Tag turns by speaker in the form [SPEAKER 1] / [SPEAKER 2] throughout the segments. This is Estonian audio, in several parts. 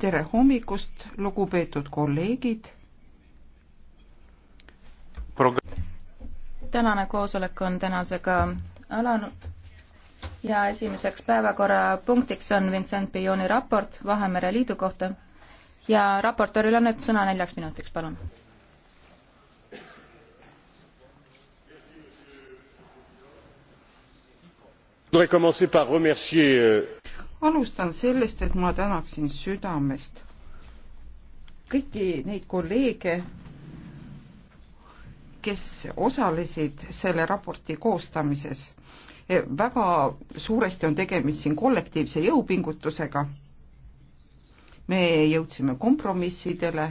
[SPEAKER 1] tere hommikust, lugupeetud kolleegid.
[SPEAKER 2] tänane koosolek on tänasega alanud ja esimeseks päevakorrapunktiks on Vincent Pioni raport Vahemere Liidu kohta ja raportööril on nüüd sõna neljaks minutiks, palun voudrais commencer par remercier euh,
[SPEAKER 1] alustan sellest, et ma tänaksin südamest kõiki neid kolleege, kes osalesid selle raporti koostamises. E, väga suuresti on tegemist siin kollektiivse jõupingutusega. me jõudsime kompromissidele,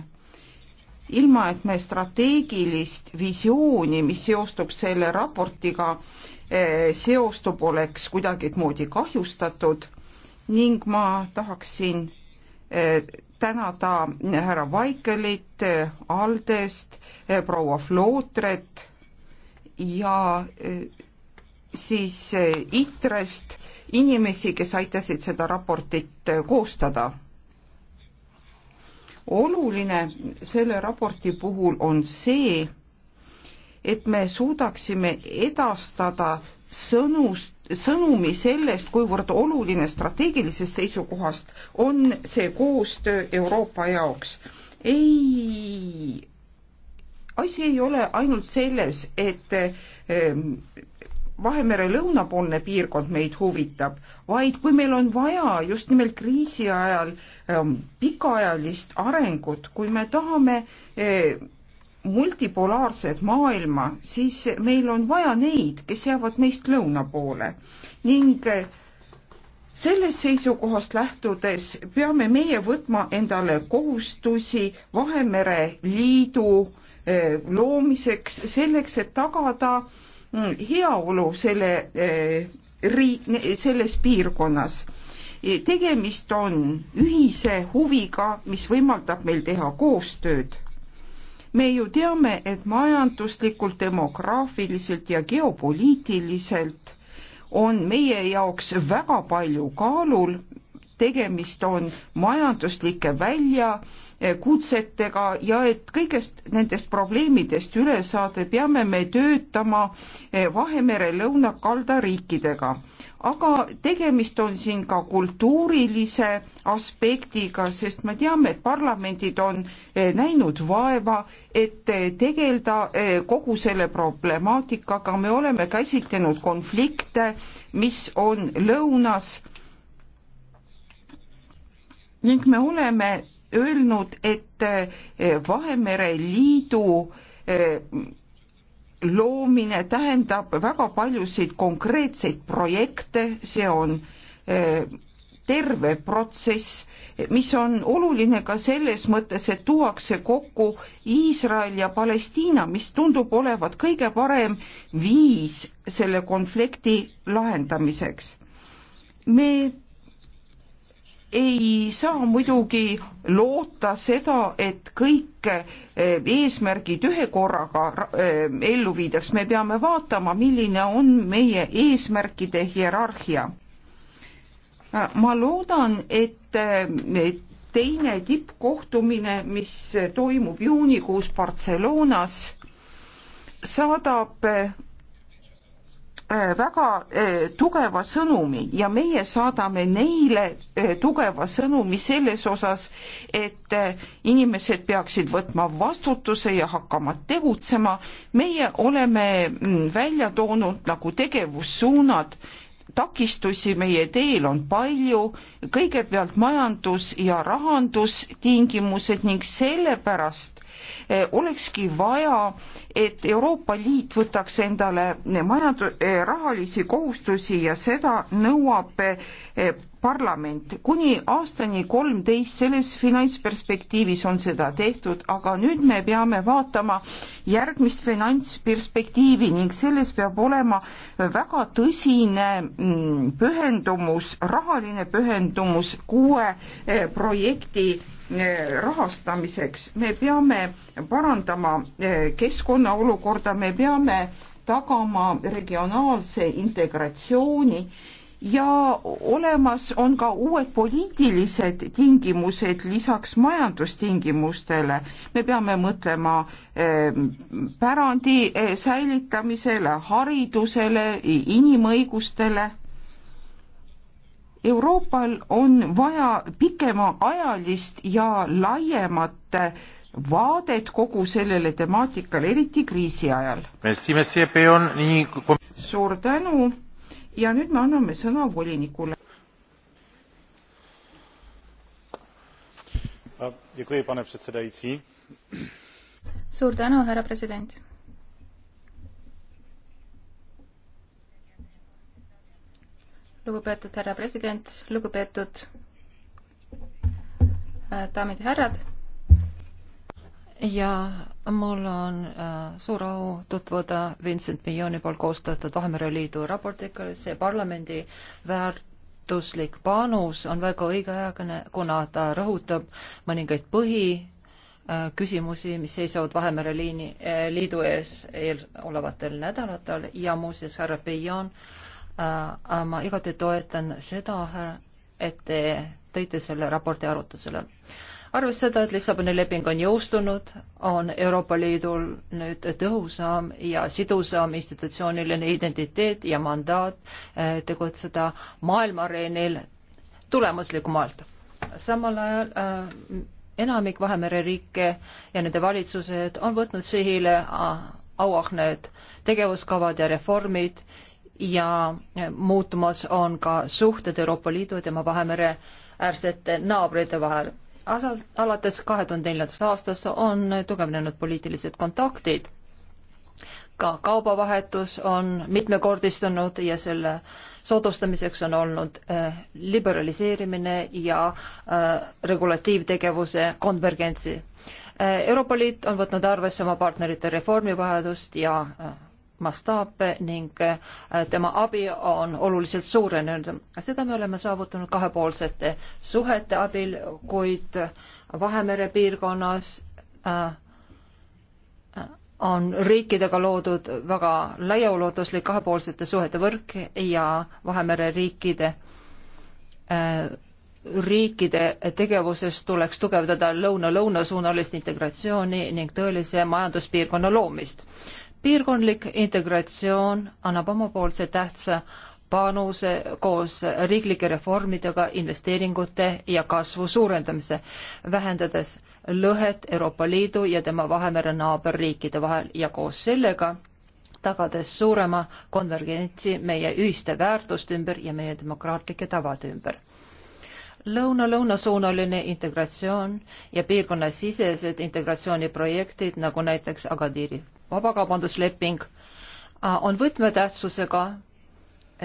[SPEAKER 1] ilma et me strateegilist visiooni, mis seostub selle raportiga, e, seostub, oleks kuidagimoodi kahjustatud ning ma tahaksin eh, tänada härra Vaikelit, eh, Aldest, eh, proua Flootret ja siis ITRE-st inimesi, kes aitasid seda raportit koostada. oluline selle raporti puhul on see, et me suudaksime edastada sõnust, sõnumi sellest, kuivõrd oluline strateegilisest seisukohast on see koostöö Euroopa jaoks. ei, asi ei ole ainult selles, et ehm, Vahemere lõunapoolne piirkond meid huvitab, vaid kui meil on vaja just nimelt kriisi ajal ehm, pikaajalist arengut, kui me tahame ehm, multipolaarset maailma, siis meil on vaja neid, kes jäävad meist lõuna poole ning eh, sellest seisukohast lähtudes peame meie võtma endale kohustusi Vahemere Liidu eh, loomiseks, selleks, et tagada mm, heaolu selle eh, ri-, selles piirkonnas. tegemist on ühise huviga, mis võimaldab meil teha koostööd me ju teame, et majanduslikult, demograafiliselt ja geopoliitiliselt on meie jaoks väga palju kaalul, tegemist on majanduslike väljakutsetega ja et kõigest nendest probleemidest üle saada, peame me töötama Vahemere lõunakalda riikidega aga tegemist on siin ka kultuurilise aspektiga, sest me teame, et parlamendid on eh, näinud vaeva, et eh, tegeleda eh, kogu selle problemaatikaga, me oleme käsitlenud konflikte, mis on lõunas ning me oleme öelnud, et Vahemere Liidu loomine tähendab väga paljusid konkreetseid projekte, see on eh, terve protsess, mis on oluline ka selles mõttes, et tuuakse kokku Iisrael ja Palestiina, mis tundub olevat kõige parem viis selle konflikti lahendamiseks. me ei saa muidugi loota seda, et kõik eh, eesmärgid ühe korraga eh, ellu viidaks, me peame vaatama, milline on meie eesmärkide hierarhia. Ah, ma loodan, et, et eh, teine tippkohtumine, mis toimub juunikuus Barcelonas, saadab Äh, väga äh, tugeva sõnumi ja meie saadame neile äh, tugeva sõnumi selles osas, et inimesed peaksid võtma vastutuse ja hakkama tegutsema. meie oleme mm, välja toonud nagu tegevussuunad takistusi meie teel on palju, kõigepealt majandus- ja rahandustingimused ning sellepärast eh, olekski vaja, et Euroopa Liit võtaks endale majand-, eh, rahalisi kohustusi ja seda nõuab eh, parlament. kuni aastani kolmteist selles finantsperspektiivis on seda tehtud, aga nüüd me peame vaatama järgmist finantsperspektiivi ning selles peab olema väga tõsine mm, pühendumus, rahaline pühendumus kuue eh, projekti eh, rahastamiseks. me peame parandama eh, keskkonna olukorda, me peame tagama regionaalse integratsiooni ja olemas on ka uued poliitilised tingimused lisaks majandustingimustele. me peame mõtlema eh, pärandi eh, säilitamisele, haridusele, inimõigustele. Euroopal on vaja pikemaajalist ja laiemat eh, vaadet kogu sellele temaatikale, eriti kriisi ajal. suur tänu ja nüüd me anname sõna volinikule.
[SPEAKER 2] suur tänu, härra president. lugupeetud härra president, lugupeetud äh, daamid ja härrad
[SPEAKER 3] ja mul on äh, suur au tutvuda Vincent Mignoni poolt koostatud Vahemere Liidu raportiga, see parlamendi väärtuslik panus on väga õigeaegne, kuna ta rõhutab mõningaid põhiküsimusi äh,, mis seisavad Vahemere liini äh,, liidu ees eelolevatel nädalatel ja muuseas, härra Pignon äh,, ma igati toetan seda, et te tõite selle raporti arutusele äh, arvestades seda, et Lissaboni leping on jõustunud, on Euroopa Liidul nüüd tõhusam ja sidusam institutsiooniline identiteet ja mandaat eh, tegutseda maailma areenil tulemuslikumalt. samal ajal äh, enamik Vahemere riike ja nende valitsused on võtnud sihile eh, auahned tegevuskavad ja reformid ja muutumas on ka suhted Euroopa Liidu ja tema Vahemere äärsete naabrite vahel asalt, alates kahe tuhande neljandast aastast on tugevnenud poliitilised kontaktid. ka kaubavahetus on mitmekordistunud ja selle soodustamiseks on olnud äh, liberaliseerimine ja äh, regulatiivtegevuse konvergentsi. Äh, Euroopa Liit on võtnud arvesse oma partnerite reformivajadust ja mastaape ning äh, tema abi on oluliselt suurenenud. seda me oleme saavutanud kahepoolsete suhete abil, kuid Vahemere piirkonnas äh, on riikidega loodud väga laiaulatuslik kahepoolsete suhete võrk ja Vahemere riikide äh, riikide tegevuses tuleks tugevdada lõuna-lõunasuunalist integratsiooni ning tõelise majanduspiirkonna loomist piirkondlik integratsioon annab omapoolse tähtsa panuse koos riiklike reformidega investeeringute ja kasvu suurendamise, vähendades lõhet Euroopa Liidu ja tema Vahemere naaberriikide vahel ja koos sellega tagades suurema konvergentsi meie ühiste väärtuste ümber ja meie demokraatlike tavade ümber. Lõuna-lõunasuunaline integratsioon ja piirkonnasisesed integratsiooniprojektid, nagu näiteks Agadiri vabakaubandusleping äh, on võtmetähtsusega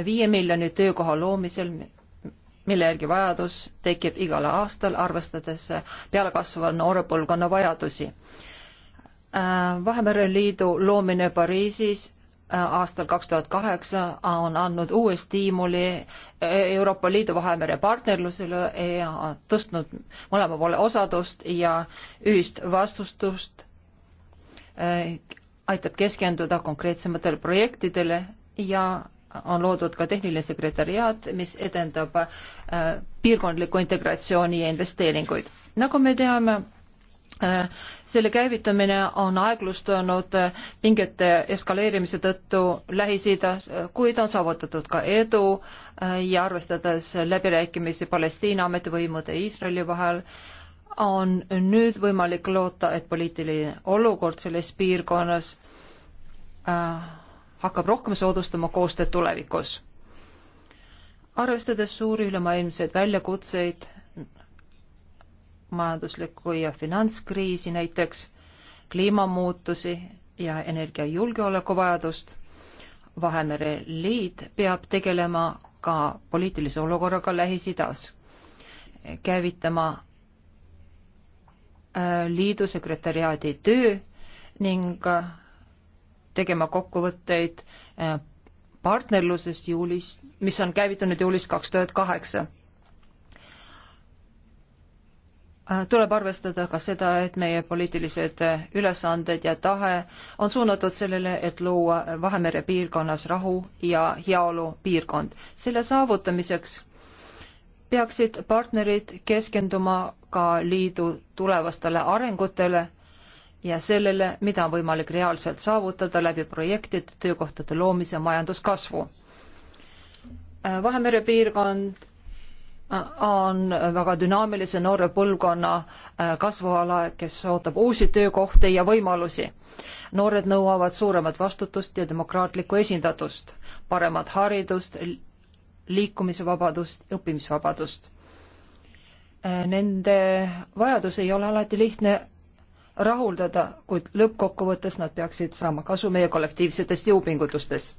[SPEAKER 3] viie miljoni töökoha loomisel, mille järgi vajadus tekib igal aastal, arvestades pealekasvava noore põlvkonna vajadusi. Äh, Vahemere Liidu loomine Pariisis äh, aastal kaks tuhat kaheksa on andnud uue stiimuli e-, Euroopa Liidu Vahemere partnerlusele ja tõstnud mõlema poole osadust ja ühist vastustust aitab keskenduda konkreetsematele projektidele ja on loodud ka tehniline sekretariaat, mis edendab äh, piirkondliku integratsiooni ja investeeringuid. nagu me teame äh,, selle käivitamine on aeglustunud äh, pingete eskaleerimise tõttu Lähis-Idas, äh, kuid on saavutatud ka edu äh, ja arvestades läbirääkimisi Palestiina ametivõimude ja Iisraeli vahel, on nüüd võimalik loota, et poliitiline olukord selles piirkonnas äh, hakkab rohkem soodustama koostööd tulevikus. arvestades suuri ülemaailmseid väljakutseid, majanduslikku ja finantskriisi näiteks, kliimamuutusi ja energiajulgeoleku vajadust, Vahemere Liit peab tegelema ka poliitilise olukorraga Lähis-Idas, käivitama Äh, liidu sekretäriaadi töö ning äh, tegema kokkuvõtteid äh, partnerlusest juulis, mis on käivitunud juulis kaks tuhat kaheksa. tuleb arvestada ka seda, et meie poliitilised ülesanded ja tahe on suunatud sellele, et luua Vahemere piirkonnas rahu ja heaolu piirkond. selle saavutamiseks peaksid partnerid keskenduma ka liidu tulevastele arengutele ja sellele, mida on võimalik reaalselt saavutada läbi projektide, töökohtade loomise, majanduskasvu. Vahemere piirkond äh, on väga dünaamilise noore põlvkonna äh, kasvuala, kes ootab uusi töökohti ja võimalusi. noored nõuavad suuremat vastutust ja demokraatlikku esindatust, paremat haridust, liikumisvabadust, õppimisvabadust. Äh, nende vajadus ei ole alati lihtne rahuldada, kuid lõppkokkuvõttes nad peaksid saama kasu meie kollektiivsetest jõupingutustest.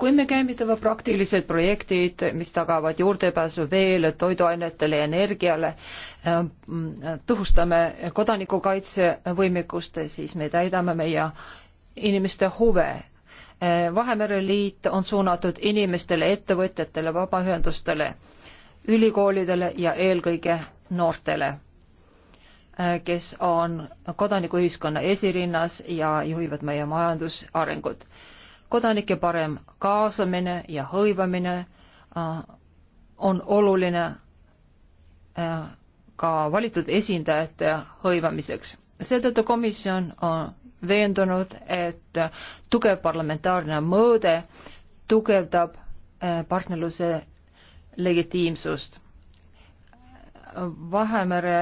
[SPEAKER 3] kui me käivitame praktilised projektid, mis tagavad juurdepääsu veele, toiduainetele ja energiale, äh, tõhustame kodanikukaitsevõimekust, siis me täidame meie inimeste huve Eh, Vahemere Liit on suunatud inimestele, ettevõtjatele, vabaühendustele, ülikoolidele ja eelkõige noortele, eh, kes on kodanikuühiskonna esirinnas ja juhivad meie majandusarengut. kodanike parem kaasamine ja hõivamine eh, on oluline ka valitud esindajate hõivamiseks. seetõttu komisjon on veendunud, et tugev parlamentaarne mõõde tugevdab äh, partnerluse legitiimsust. Vahemere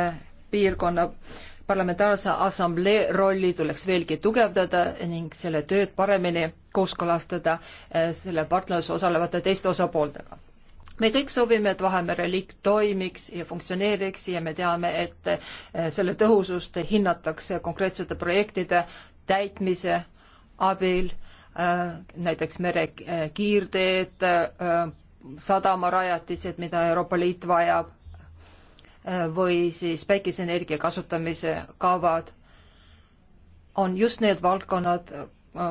[SPEAKER 3] piirkonna parlamentaarse assamblee rolli tuleks veelgi tugevdada ning selle tööd paremini kooskõlastada äh, selle partnerluse osalevate teiste osapooltega me kõik soovime, et Vahemere liik toimiks ja funktsioneeriks ja me teame, et eh, selle tõhusust hinnatakse konkreetsete projektide täitmise abil, eh, näiteks merekiirteed, eh, sadamarajatised, mida Euroopa Liit vajab, või siis päikeseenergia kasutamise kavad, on just need valdkonnad,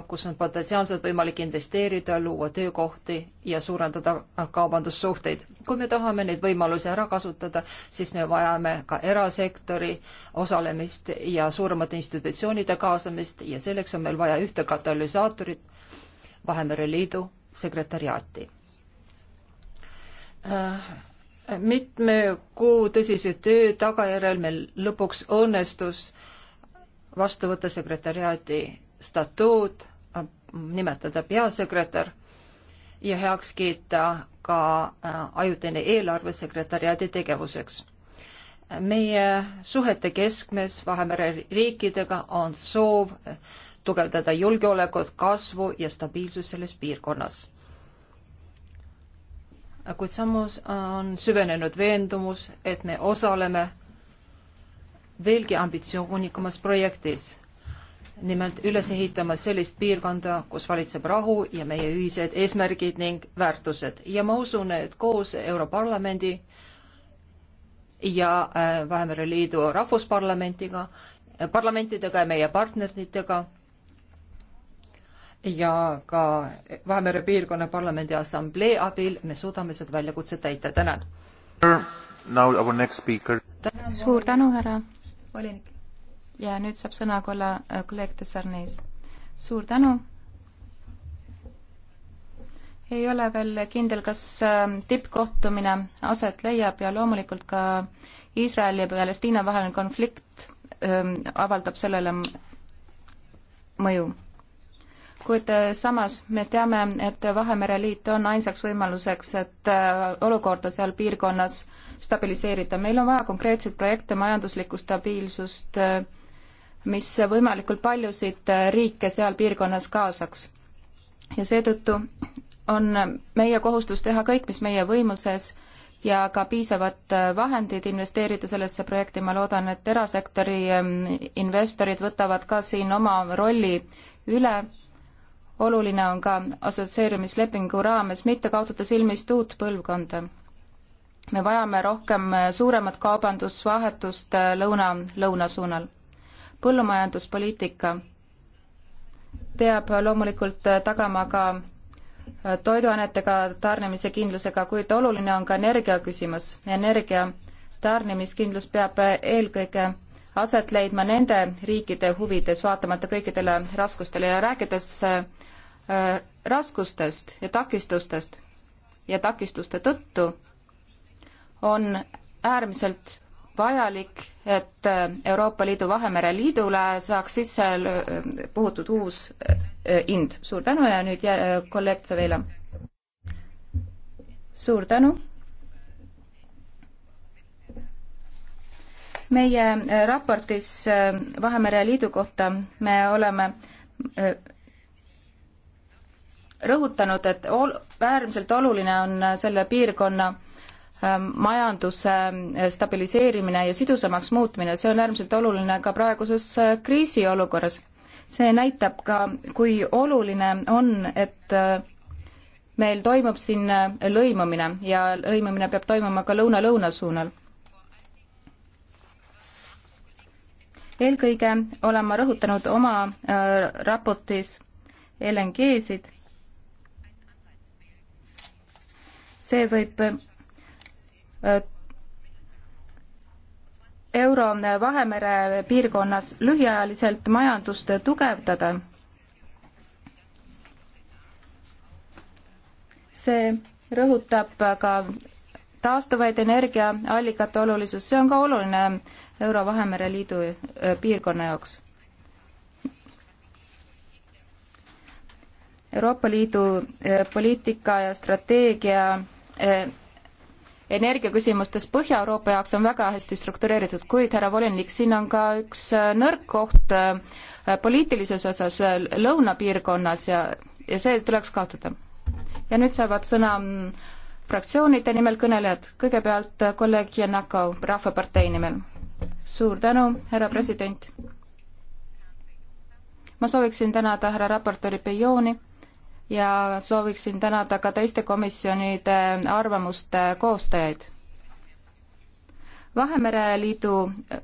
[SPEAKER 3] kus on potentsiaalselt võimalik investeerida, luua töökohti ja suurendada kaubandussuhteid. kui me tahame neid võimalusi ära kasutada, siis me vajame ka erasektori osalemist ja suuremate institutsioonide kaasamist ja selleks on meil vaja ühte katalüsaatorit, Vahemere Liidu sekretariaati. mitme kuu tõsise töö tagajärjel meil lõpuks õnnestus vastu võtta sekretariaadi statuut, nimetada peasekretär ja heaks kiita ka äh, ajutine eelarve sekretäriaadi tegevuseks. meie suhete keskmes Vahemere riikidega on soov tugevdada julgeolekut, kasvu ja stabiilsust selles piirkonnas. kuid samas on süvenenud veendumus, et me osaleme veelgi ambitsioonikamas projektis nimelt üles ehitama sellist piirkonda, kus valitseb rahu ja meie ühised eesmärgid ning väärtused ja ma usun, et koos Europarlamendi ja äh, Vahemere Liidu rahvusparlamentiga, äh, parlamentidega ja meie partneritega ja ka Vahemere piirkonna parlamendi assamblee abil me suudame seda väljakutset täita, tänan. suur tänu,
[SPEAKER 2] härra volinik ja nüüd saab sõna kolla äh, kolleeg Tessarnees. suur tänu. ei ole veel kindel, kas äh, tippkohtumine aset leiab ja loomulikult ka Iisraeli ja Palestiina vaheline konflikt öö, ähm, avaldab sellele mõju. kuid äh, samas me teame, et Vahemere Liit on ainsaks võimaluseks, et olukorda seal piirkonnas stabiliseerida. meil on vaja konkreetseid projekte, majanduslikku stabiilsust öö, mis võimalikult paljusid riike seal piirkonnas kaasaks. ja seetõttu on meie kohustus teha kõik, mis meie võimuses ja ka piisavad vahendid investeerida sellesse projekti, ma loodan, et erasektori ähm, investorid võtavad ka siin oma rolli üle. oluline on ka assotsieerumislepingu raames mitte kaotada silmist uut põlvkonda. me vajame rohkem suuremat kaubandusvahetust äh, lõuna, lõuna suunal põllumajanduspoliitika peab loomulikult tagama ka toiduainetega tarnimise kindlusega, kuid oluline on ka energia küsimus. energia tarnimiskindlus peab eelkõige aset leidma nende riikide huvides, vaatamata kõikidele raskustele ja rääkides äh, raskustest ja takistustest ja takistuste tõttu on äärmiselt vajalik, et Euroopa Liidu Vahemere Liidule saaks sisse puhutud uus äh, ind. suur tänu ja nüüd äh, kolleeg Tsaveila. suur tänu. meie äh, raportis Vahemere Liidu kohta me oleme rõhutanud, et ol-, äärmiselt oluline on selle piirkonna Ähm, majanduse äh, stabiliseerimine ja sidusamaks muutmine, see on äärmiselt oluline ka praeguses äh, kriisiolukorras. see näitab ka, kui oluline on, et äh, meil toimub siin lõimumine ja lõimumine peab toimuma ka lõuna-lõuna suunal. eelkõige olen ma rõhutanud oma raportis LNG-sid. see võib euro Vahemere piirkonnas lühiajaliselt majandust tugevdada. see rõhutab ka taastuvaid energiaallikate olulisust, see on ka oluline Euro Vahemere Liidu äh, piirkonna jaoks. Euroopa Liidu äh, poliitika ja strateegia äh, energiaküsimustes Põhja-Euroopa jaoks on väga hästi struktureeritud, kuid härra volinik, siin on ka üks äh, nõrk koht äh, poliitilises osas äh, lõunapiirkonnas ja, ja see tuleks kaotada. ja nüüd saavad sõna mm, fraktsioonide nimel kõnelejad, kõigepealt kolleeg Janako Rahvapartei nimel. suur tänu, härra president! ma sooviksin tänada härra raportööri Bejooni ja sooviksin tänada ka teiste komisjonide arvamuste koostajaid. Vahemere Liidu äh,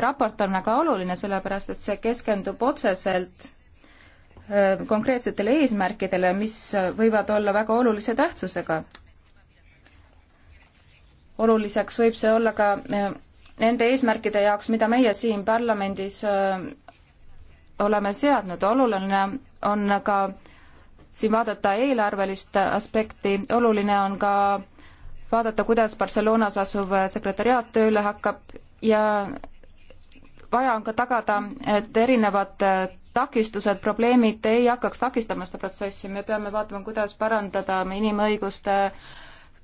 [SPEAKER 2] raport on väga oluline, sellepärast et see keskendub otseselt äh, konkreetsetele eesmärkidele, mis võivad olla väga olulise tähtsusega. oluliseks võib see olla ka äh, nende eesmärkide jaoks, mida meie siin parlamendis oleme seadnud. oluline on ka siin vaadata eelarvelist aspekti, oluline on ka vaadata, kuidas Barcelonas asuv sekretäriaat tööle hakkab ja vaja on ka tagada, et erinevad takistused, probleemid ei hakkaks takistama seda protsessi, me peame vaatama, kuidas parandada inimõiguste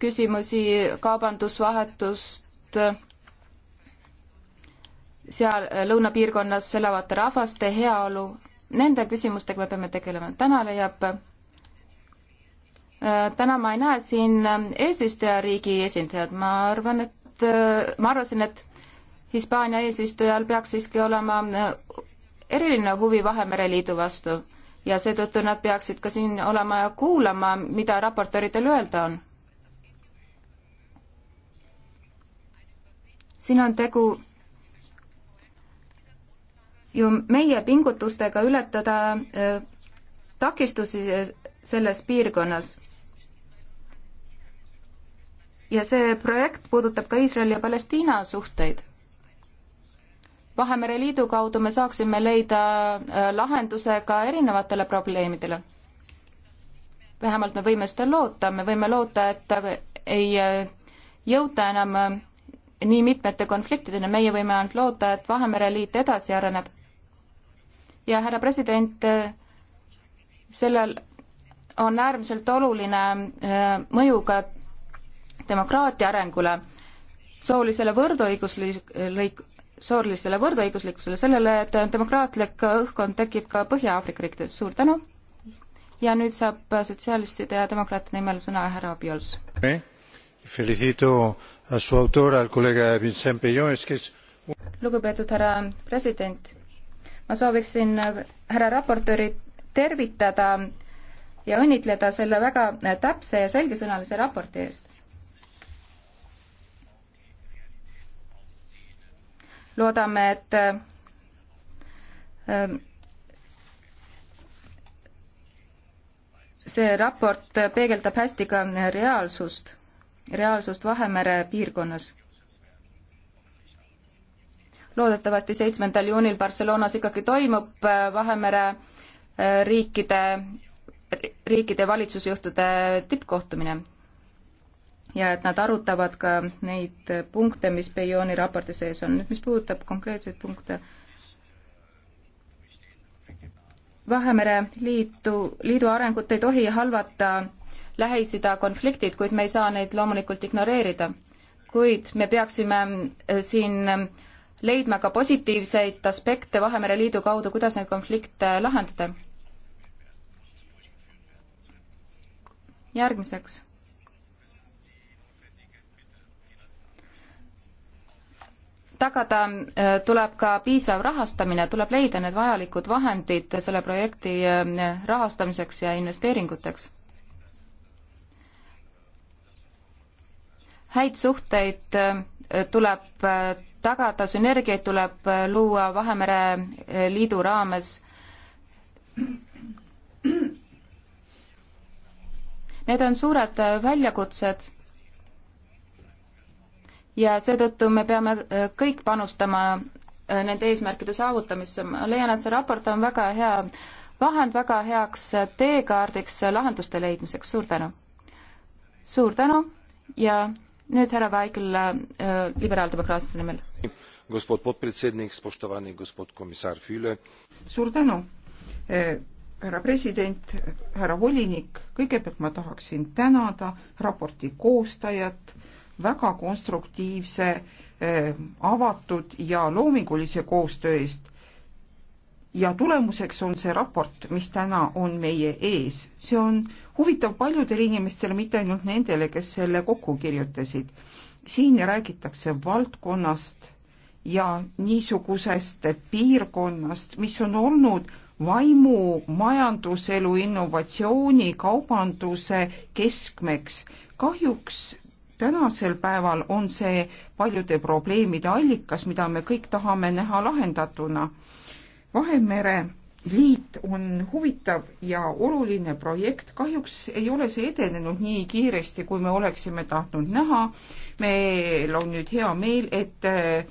[SPEAKER 2] küsimusi, kaubandusvahetust, seal äh, lõunapiirkonnas elavate rahvaste heaolu, nende küsimustega me peame tegelema. täna leiab, äh, täna ma ei näe siin äh, eesistujariigi esindajat, ma arvan, et, ma arvasin, et Hispaania eesistujal peaks siiski olema eriline huvi Vahemere Liidu vastu ja seetõttu nad peaksid ka siin olema ja kuulama, mida raportööridel öelda on. siin on tegu ju meie pingutustega ületada äh, takistusi selles piirkonnas. ja see projekt puudutab ka Iisraeli ja Palestiina suhteid. Vahemere Liidu kaudu me saaksime leida äh, lahenduse ka erinevatele probleemidele. vähemalt me võime seda loota, me võime loota, et ei äh, jõuta enam nii mitmete konfliktideni, meie võime ainult loota, et Vahemere Liit edasi areneb ja härra president, sellel on äärmiselt oluline äh, mõju ka demokraatia arengule, soolisele võrdõiguslik-, lõik-, soolisele võrdõiguslikkusele, sellele, et demokraatlik õhkkond tekib ka Põhja-Aafrika riikides, suur tänu! ja nüüd saab sotsialistide ja demokraatide nimel sõna härra Piols. lugupeetud härra president ma sooviksin härra raportööri tervitada ja õnnitleda selle väga täpse ja selgesõnalise raporti eest loodame, et ähm, see raport peegeldab hästi ka reaalsust, reaalsust Vahemere piirkonnas loodetavasti seitsmendal juunil Barcelonas ikkagi toimub äh, Vahemere äh, riikide, riikide valitsusjuhtude tippkohtumine. ja et nad arutavad ka neid punkte, mis Bayoni raporti sees on. nüüd, mis puudutab konkreetseid punkte, Vahemere liitu, liidu arengut ei tohi halvata Lähis-Ida konfliktid, kuid me ei saa neid loomulikult ignoreerida. kuid me peaksime äh, siin leidma ka positiivseid aspekte Vahemere Liidu kaudu, kuidas neid konflikte lahendada. järgmiseks. tagada äh, tuleb ka piisav rahastamine, tuleb leida need vajalikud vahendid selle projekti äh, rahastamiseks ja investeeringuteks häid suhteid äh, tuleb äh, tagada, sünergiaid tuleb äh, luua Vahemere äh, Liidu raames. Need on suured väljakutsed ja seetõttu me peame kõik panustama nende eesmärkide saavutamisse. ma leian, et see raport on väga hea vahend, väga heaks teekaardiks lahenduste leidmiseks. suur tänu! suur tänu ja nüüd härra Vaikel äh, liberaaldemokraatide nimel. gospod podpredsednik,
[SPEAKER 1] spoštovani gospod komissar Füüle. suur tänu, äh, härra president, härra volinik, kõigepealt ma tahaksin tänada raporti koostajat väga konstruktiivse, äh, avatud ja loomingulise koostöö eest ja tulemuseks on see raport, mis täna on meie ees. see on huvitav paljudele inimestele, mitte ainult nendele, kes selle kokku kirjutasid. siin räägitakse valdkonnast ja niisugusest piirkonnast, mis on olnud vaimu, majanduselu, innovatsiooni, kaubanduse keskmeks. kahjuks tänasel päeval on see paljude probleemide allikas, mida me kõik tahame näha lahendatuna. Vahemere liit on huvitav ja oluline projekt, kahjuks ei ole see edenenud nii kiiresti, kui me oleksime tahtnud näha. meil on nüüd hea meel, et eh,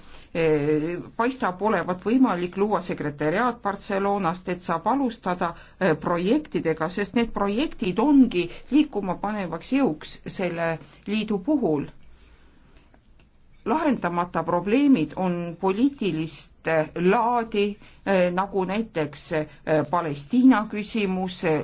[SPEAKER 1] paistab olevat võimalik luua sekretäriaat Barcelonast, et saab alustada eh, projektidega, sest need projektid ongi liikuma panevaks jõuks selle liidu puhul lahendamata probleemid on poliitilist laadi, eh, nagu näiteks eh, Palestiina küsimus, eh,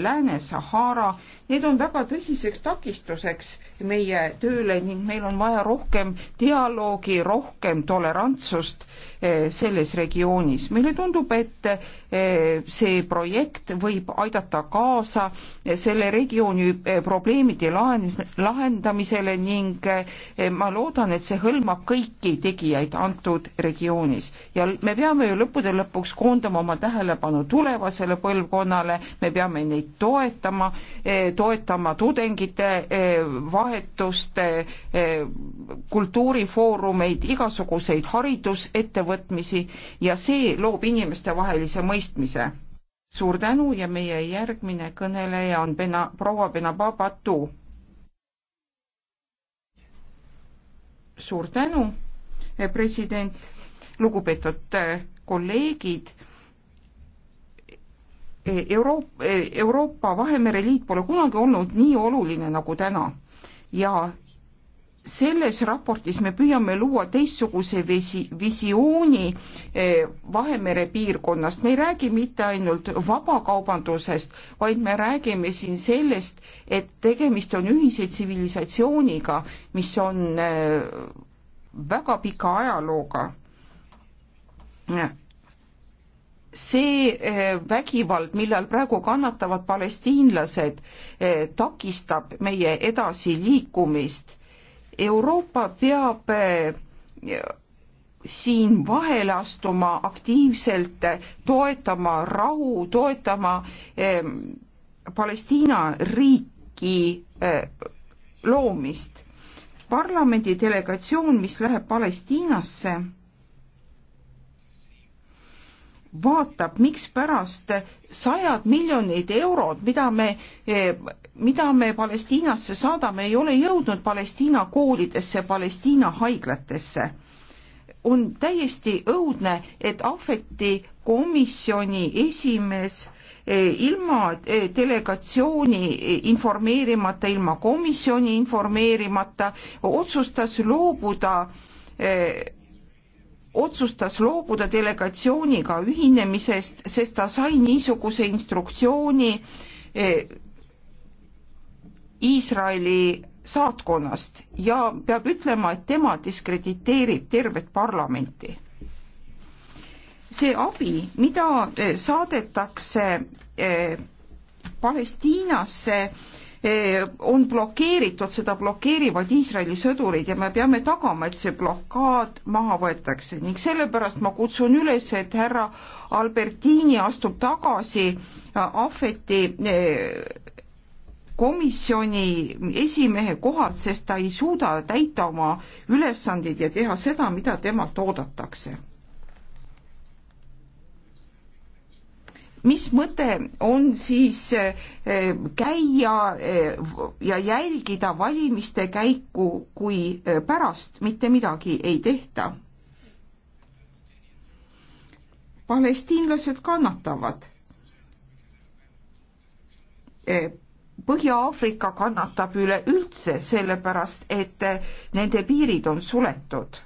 [SPEAKER 1] Lääne-Sahara. Need on väga tõsiseks takistuseks meie tööle ning meil on vaja rohkem dialoogi, rohkem tolerantsust Eh, selles regioonis. meile tundub, et eh, see projekt võib aidata kaasa eh, selle regiooni probleemide lahendamisele ning ma loodan, et see hõlmab kõiki tegijaid antud regioonis ja me peame ju lõppude lõpuks koondama oma tähelepanu tulevasele põlvkonnale, me peame neid toetama, toetama tudengite vahetust, kultuurifoorumeid, igasuguseid haridusettevõtteid, ettevõtmisi ja see loob inimestevahelise mõistmise. suur tänu ja meie järgmine kõneleja on Bena, proua Benababatu. suur tänu, eh, president, lugupeetud eh, kolleegid eh, Euroopa, Euroopa Vahemere Liit pole kunagi olnud nii oluline nagu täna ja selles raportis me püüame luua teistsuguse visi, visiooni eh, Vahemere piirkonnast. me ei räägi mitte ainult vabakaubandusest, vaid me räägime siin sellest, et tegemist on ühise tsivilisatsiooniga, mis on eh, väga pika ajalooga see eh, vägivald, millal praegu kannatavad palestiinlased, takistab meie edasiliikumist. Euroopa peab eh, siin vahele astuma aktiivselt, toetama rahu, toetama eh, Palestiina riiki eh, loomist. parlamendi delegatsioon, mis läheb Palestiinasse, vaatab, mikspärast sajad miljonid eurod, mida me mida me Palestiinasse saadame, ei ole jõudnud Palestiina koolidesse, Palestiina haiglatesse. on täiesti õudne, et Ahveti komisjoni esimees e, ilma e, delegatsiooni informeerimata, ilma komisjoni informeerimata otsustas loobuda e, otsustas loobuda delegatsiooniga ühinemisest, sest ta sai niisuguse instruktsiooni Iisraeli saatkonnast ja peab ütlema, et tema diskrediteerib tervet parlamenti. see abi, mida eh, saadetakse eh, Palestiinasse, eh, on blokeeritud, seda blokeerivad Iisraeli sõdurid ja me peame tagama, et see blokaad maha võetakse ning sellepärast ma kutsun üles, et härra Albertini astub tagasi Ahveti komisjoni esimehe kohalt, sest ta ei suuda täita oma ülesandeid ja teha seda, mida temalt oodatakse. mis mõte on siis eh, käia eh, ja jälgida valimiste käiku, kui eh, pärast mitte midagi ei tehta? palestiinlased kannatavad Põhja-Aafrika kannatab üleüldse sellepärast, et nende piirid on suletud.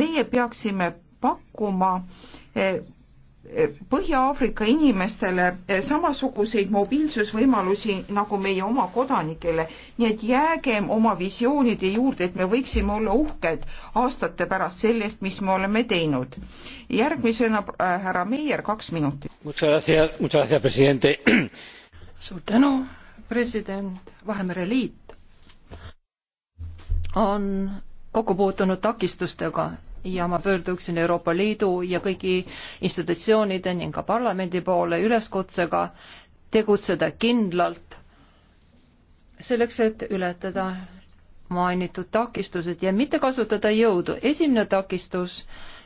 [SPEAKER 1] meie peaksime pakkuma eh, Põhja-Aafrika inimestele eh, samasuguseid mobiilsusvõimalusi nagu meie oma kodanikele, nii et jäägem oma visioonide juurde, et me võiksime olla uhked aastate pärast sellest, mis me oleme teinud. järgmisena äh, härra Meier, kaks minutit. suur tänu, president, Vahemere Liit
[SPEAKER 3] on kokku puutunud takistustega ja ma pöörduksin Euroopa Liidu ja kõigi institutsioonide ning ka parlamendi poole üleskutsega tegutseda kindlalt selleks, et ületada mainitud takistused ja mitte kasutada jõudu. esimene takistus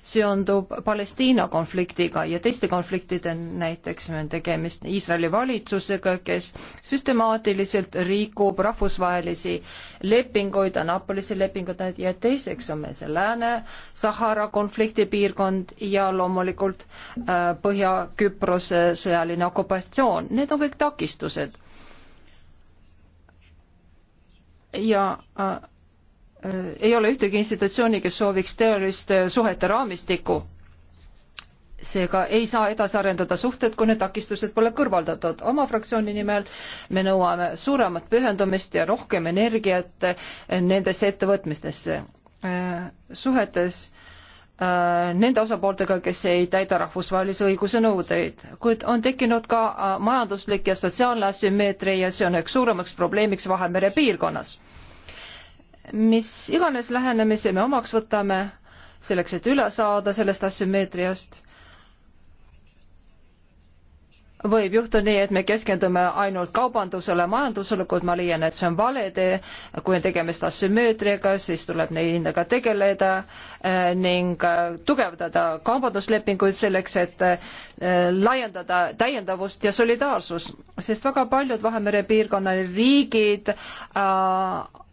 [SPEAKER 3] seondub Palestiina konfliktiga ja teiste konfliktide, näiteks on tegemist Iisraeli valitsusega, kes süstemaatiliselt rikub rahvusvahelisi lepinguid, Annapolisi lepingud ja teiseks on meil see Lääne-Sahara konflikti piirkond ja loomulikult äh, Põhja-Küprose sõjaline okupatsioon. Need on kõik takistused ja äh, äh, ei ole ühtegi institutsiooni, kes sooviks teoliste suhete raamistikku. seega ei saa edasi arendada suhted, kui need takistused pole kõrvaldatud. oma fraktsiooni nimel me nõuame suuremat pühendumist ja rohkem energiat nendesse ettevõtmistesse. Äh, suhetes Äh, nende osapooltega, kes ei täida rahvusvahelise õiguse nõudeid, kuid on tekkinud ka äh, majanduslik ja sotsiaalne asümmeetria ja see on üks suuremaks probleemiks Vahemere piirkonnas. mis iganes lähenemise me omaks võtame, selleks, et üle saada sellest asümmeetriast, võib juhtuda nii, et me keskendume ainult kaubandusele, majandusele, kuid ma leian, et see on vale tee. kui on tegemist asümmeetriaga, siis tuleb neil hindadega tegeleda eh, ning eh, tugevdada kaubanduslepinguid selleks, et eh, laiendada täiendavust ja solidaarsust, sest väga paljud Vahemere piirkonna riigid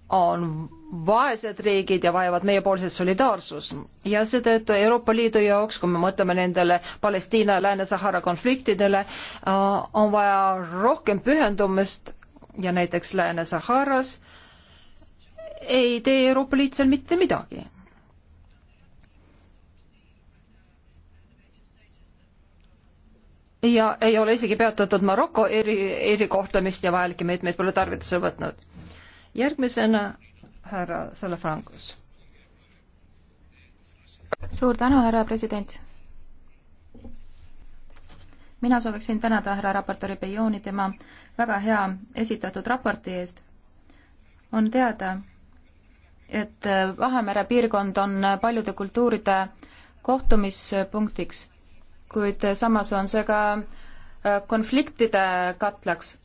[SPEAKER 3] on vaesed riigid ja vajavad meiepoolset solidaarsust. ja seetõttu Euroopa Liidu jaoks, kui me mõtleme nendele Palestiina ja Lääne-Sahara konfliktidele, äh, on vaja rohkem pühendumist ja näiteks Lääne-Saharas ei tee Euroopa Liit seal mitte midagi. ja ei ole isegi peatatud Maroko eri, erikohtlemist ja vajalikke meetmeid pole tarvitusele võtnud järgmisena härra Salafrankos.
[SPEAKER 2] suur tänu, härra president. mina sooviksin tänada härra raportööri Bejooni tema väga hea esitatud raporti eest. on teada, et Vahemere piirkond on paljude kultuuride kohtumispunktiks, kuid samas on see ka konfliktide katlaks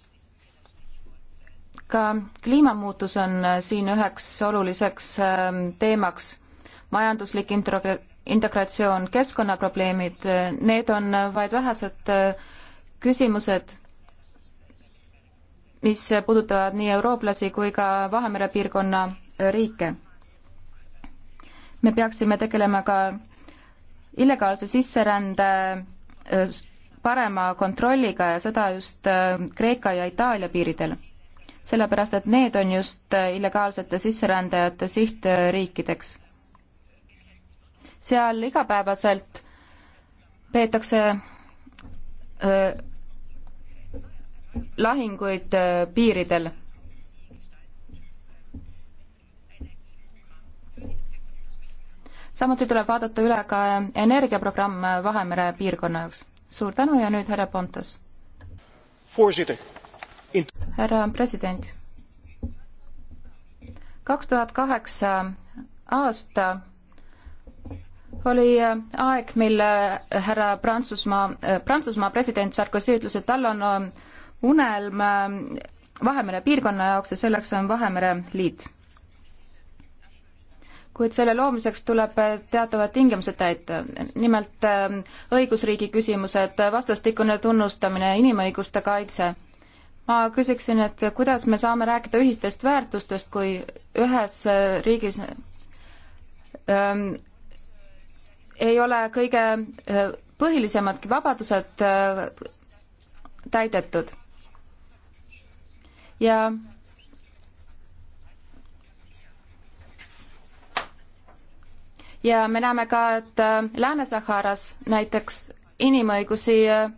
[SPEAKER 2] ka kliimamuutus on äh, siin üheks oluliseks ähm, teemaks. majanduslik integratsioon, keskkonnaprobleemid, äh, need on äh, vaid vähesed küsimused, mis puudutavad nii eurooplasi kui ka Vahemere piirkonna riike. me peaksime tegelema ka illegaalse sisserände parema kontrolliga ja seda just Kreeka ja Itaalia piiridel sellepärast et need on just illegaalsete sisserändajate sihtriikideks. seal igapäevaselt peetakse öö, äh, lahinguid öö, äh, piiridel samuti tuleb vaadata üle ka energiaprogramm Vahemere piirkonna jaoks. suur tänu ja nüüd härra Pontus härra president, kaks tuhat kaheksa aasta oli aeg, mil härra Prantsusmaa, Prantsusmaa president Sarkozy ütles, et tal on äh, unelm äh, Vahemere piirkonna jaoks ja selleks on Vahemere liit. kuid selle loomiseks tuleb äh, teatavad tingimused täita, nimelt õigusriigi küsimused, vastastikune tunnustamine, inimõiguste kaitse ma küsiksin, et kuidas me saame rääkida ühistest väärtustest, kui ühes äh, riigis ähm, ei ole kõige äh, põhilisemadki vabadused äh, täidetud. ja ja me näeme ka, et äh, Lääne-Saharas näiteks inimõigusi äh,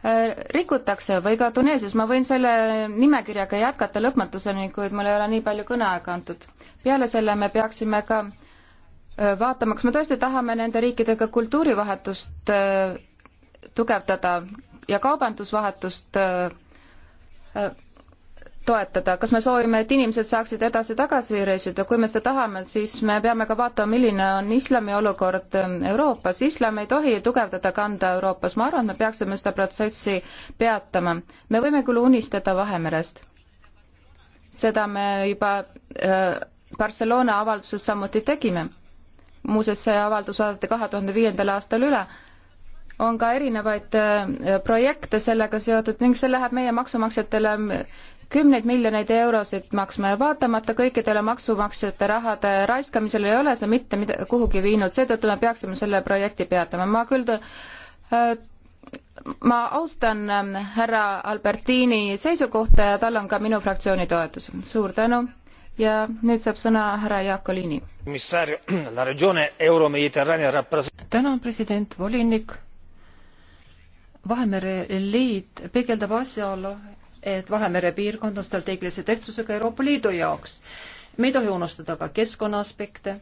[SPEAKER 2] Äh, rikutakse või ka Tuneesias, ma võin selle nimekirjaga jätkata lõpmatuseni, kuid mul ei ole nii palju kõneaega antud. peale selle me peaksime ka äh, vaatama, kas me tõesti tahame nende riikidega kultuurivahetust äh, tugevdada ja kaubandusvahetust toetada, kas me soovime, et inimesed saaksid edasi-tagasi reisida, kui me seda tahame, siis me peame ka vaatama, milline on islami olukord Euroopas. islam ei tohi tugevdada kanda Euroopas, ma arvan, et me peaksime seda protsessi peatama. me võime küll unistada Vahemerest, seda me juba äh, Barcelona avalduses samuti tegime. muuseas, see avaldus vaadati kahe tuhande viiendal aastal üle on ka erinevaid äh, projekte sellega seotud ning see läheb meie maksumaksjatele kümneid miljoneid eurosid maksma ja vaatamata kõikidele maksumaksjate rahade raiskamisele ei ole see mitte mida, kuhugi viinud, seetõttu me peaksime selle projekti peatama. ma küll ma austan ähm, härra Albertini seisukohta ja tal on ka minu fraktsiooni toetus. suur tänu ja nüüd saab sõna härra Jaakolini. tänan, president, volinik Vahemere liit
[SPEAKER 3] peegeldab asjaolu, et Vahemere piirkond on strateegilise tähtsusega Euroopa Liidu jaoks. me ei tohi unustada ka keskkonna aspekte, äh,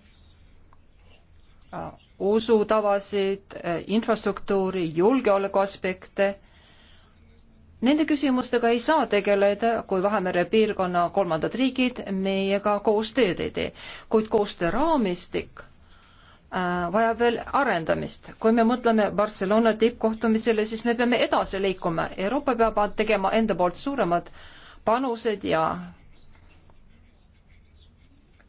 [SPEAKER 3] usutavasid, äh, infrastruktuuri, julgeoleku aspekte. Nende küsimustega ei saa tegeleda, kui Vahemere piirkonna kolmandad riigid meiega koostööd ei tee, kuid koostööraamistik Äh, vajab veel arendamist. kui me mõtleme Barcelona tippkohtumisele, siis me peame edasi liikuma. Euroopa peab tegema enda poolt suuremad panused ja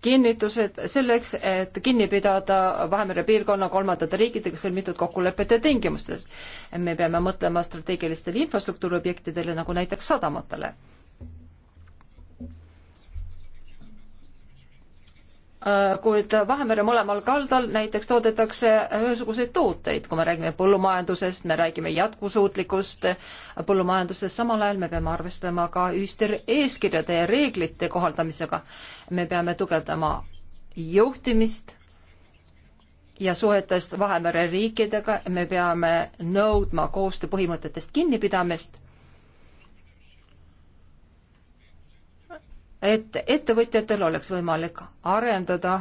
[SPEAKER 3] kinnitused selleks, et kinni pidada Vahemere piirkonna kolmandate riikidega sõlmitud kokkulepete tingimustest. me peame mõtlema strateegilistele infrastruktuuriobjektidele, nagu näiteks sadamatele Äh, kuid Vahemere mõlemal kaldal näiteks toodetakse ühesuguseid tooteid, kui me räägime põllumajandusest, me räägime jätkusuutlikust põllumajandusest, samal ajal me peame arvestama ka ühiste eeskirjade ja reeglite kohaldamisega. me peame tugevdama juhtimist ja suhetest Vahemere riikidega, me peame nõudma koostööpõhimõtetest kinnipidamist et ettevõtjatel oleks võimalik arendada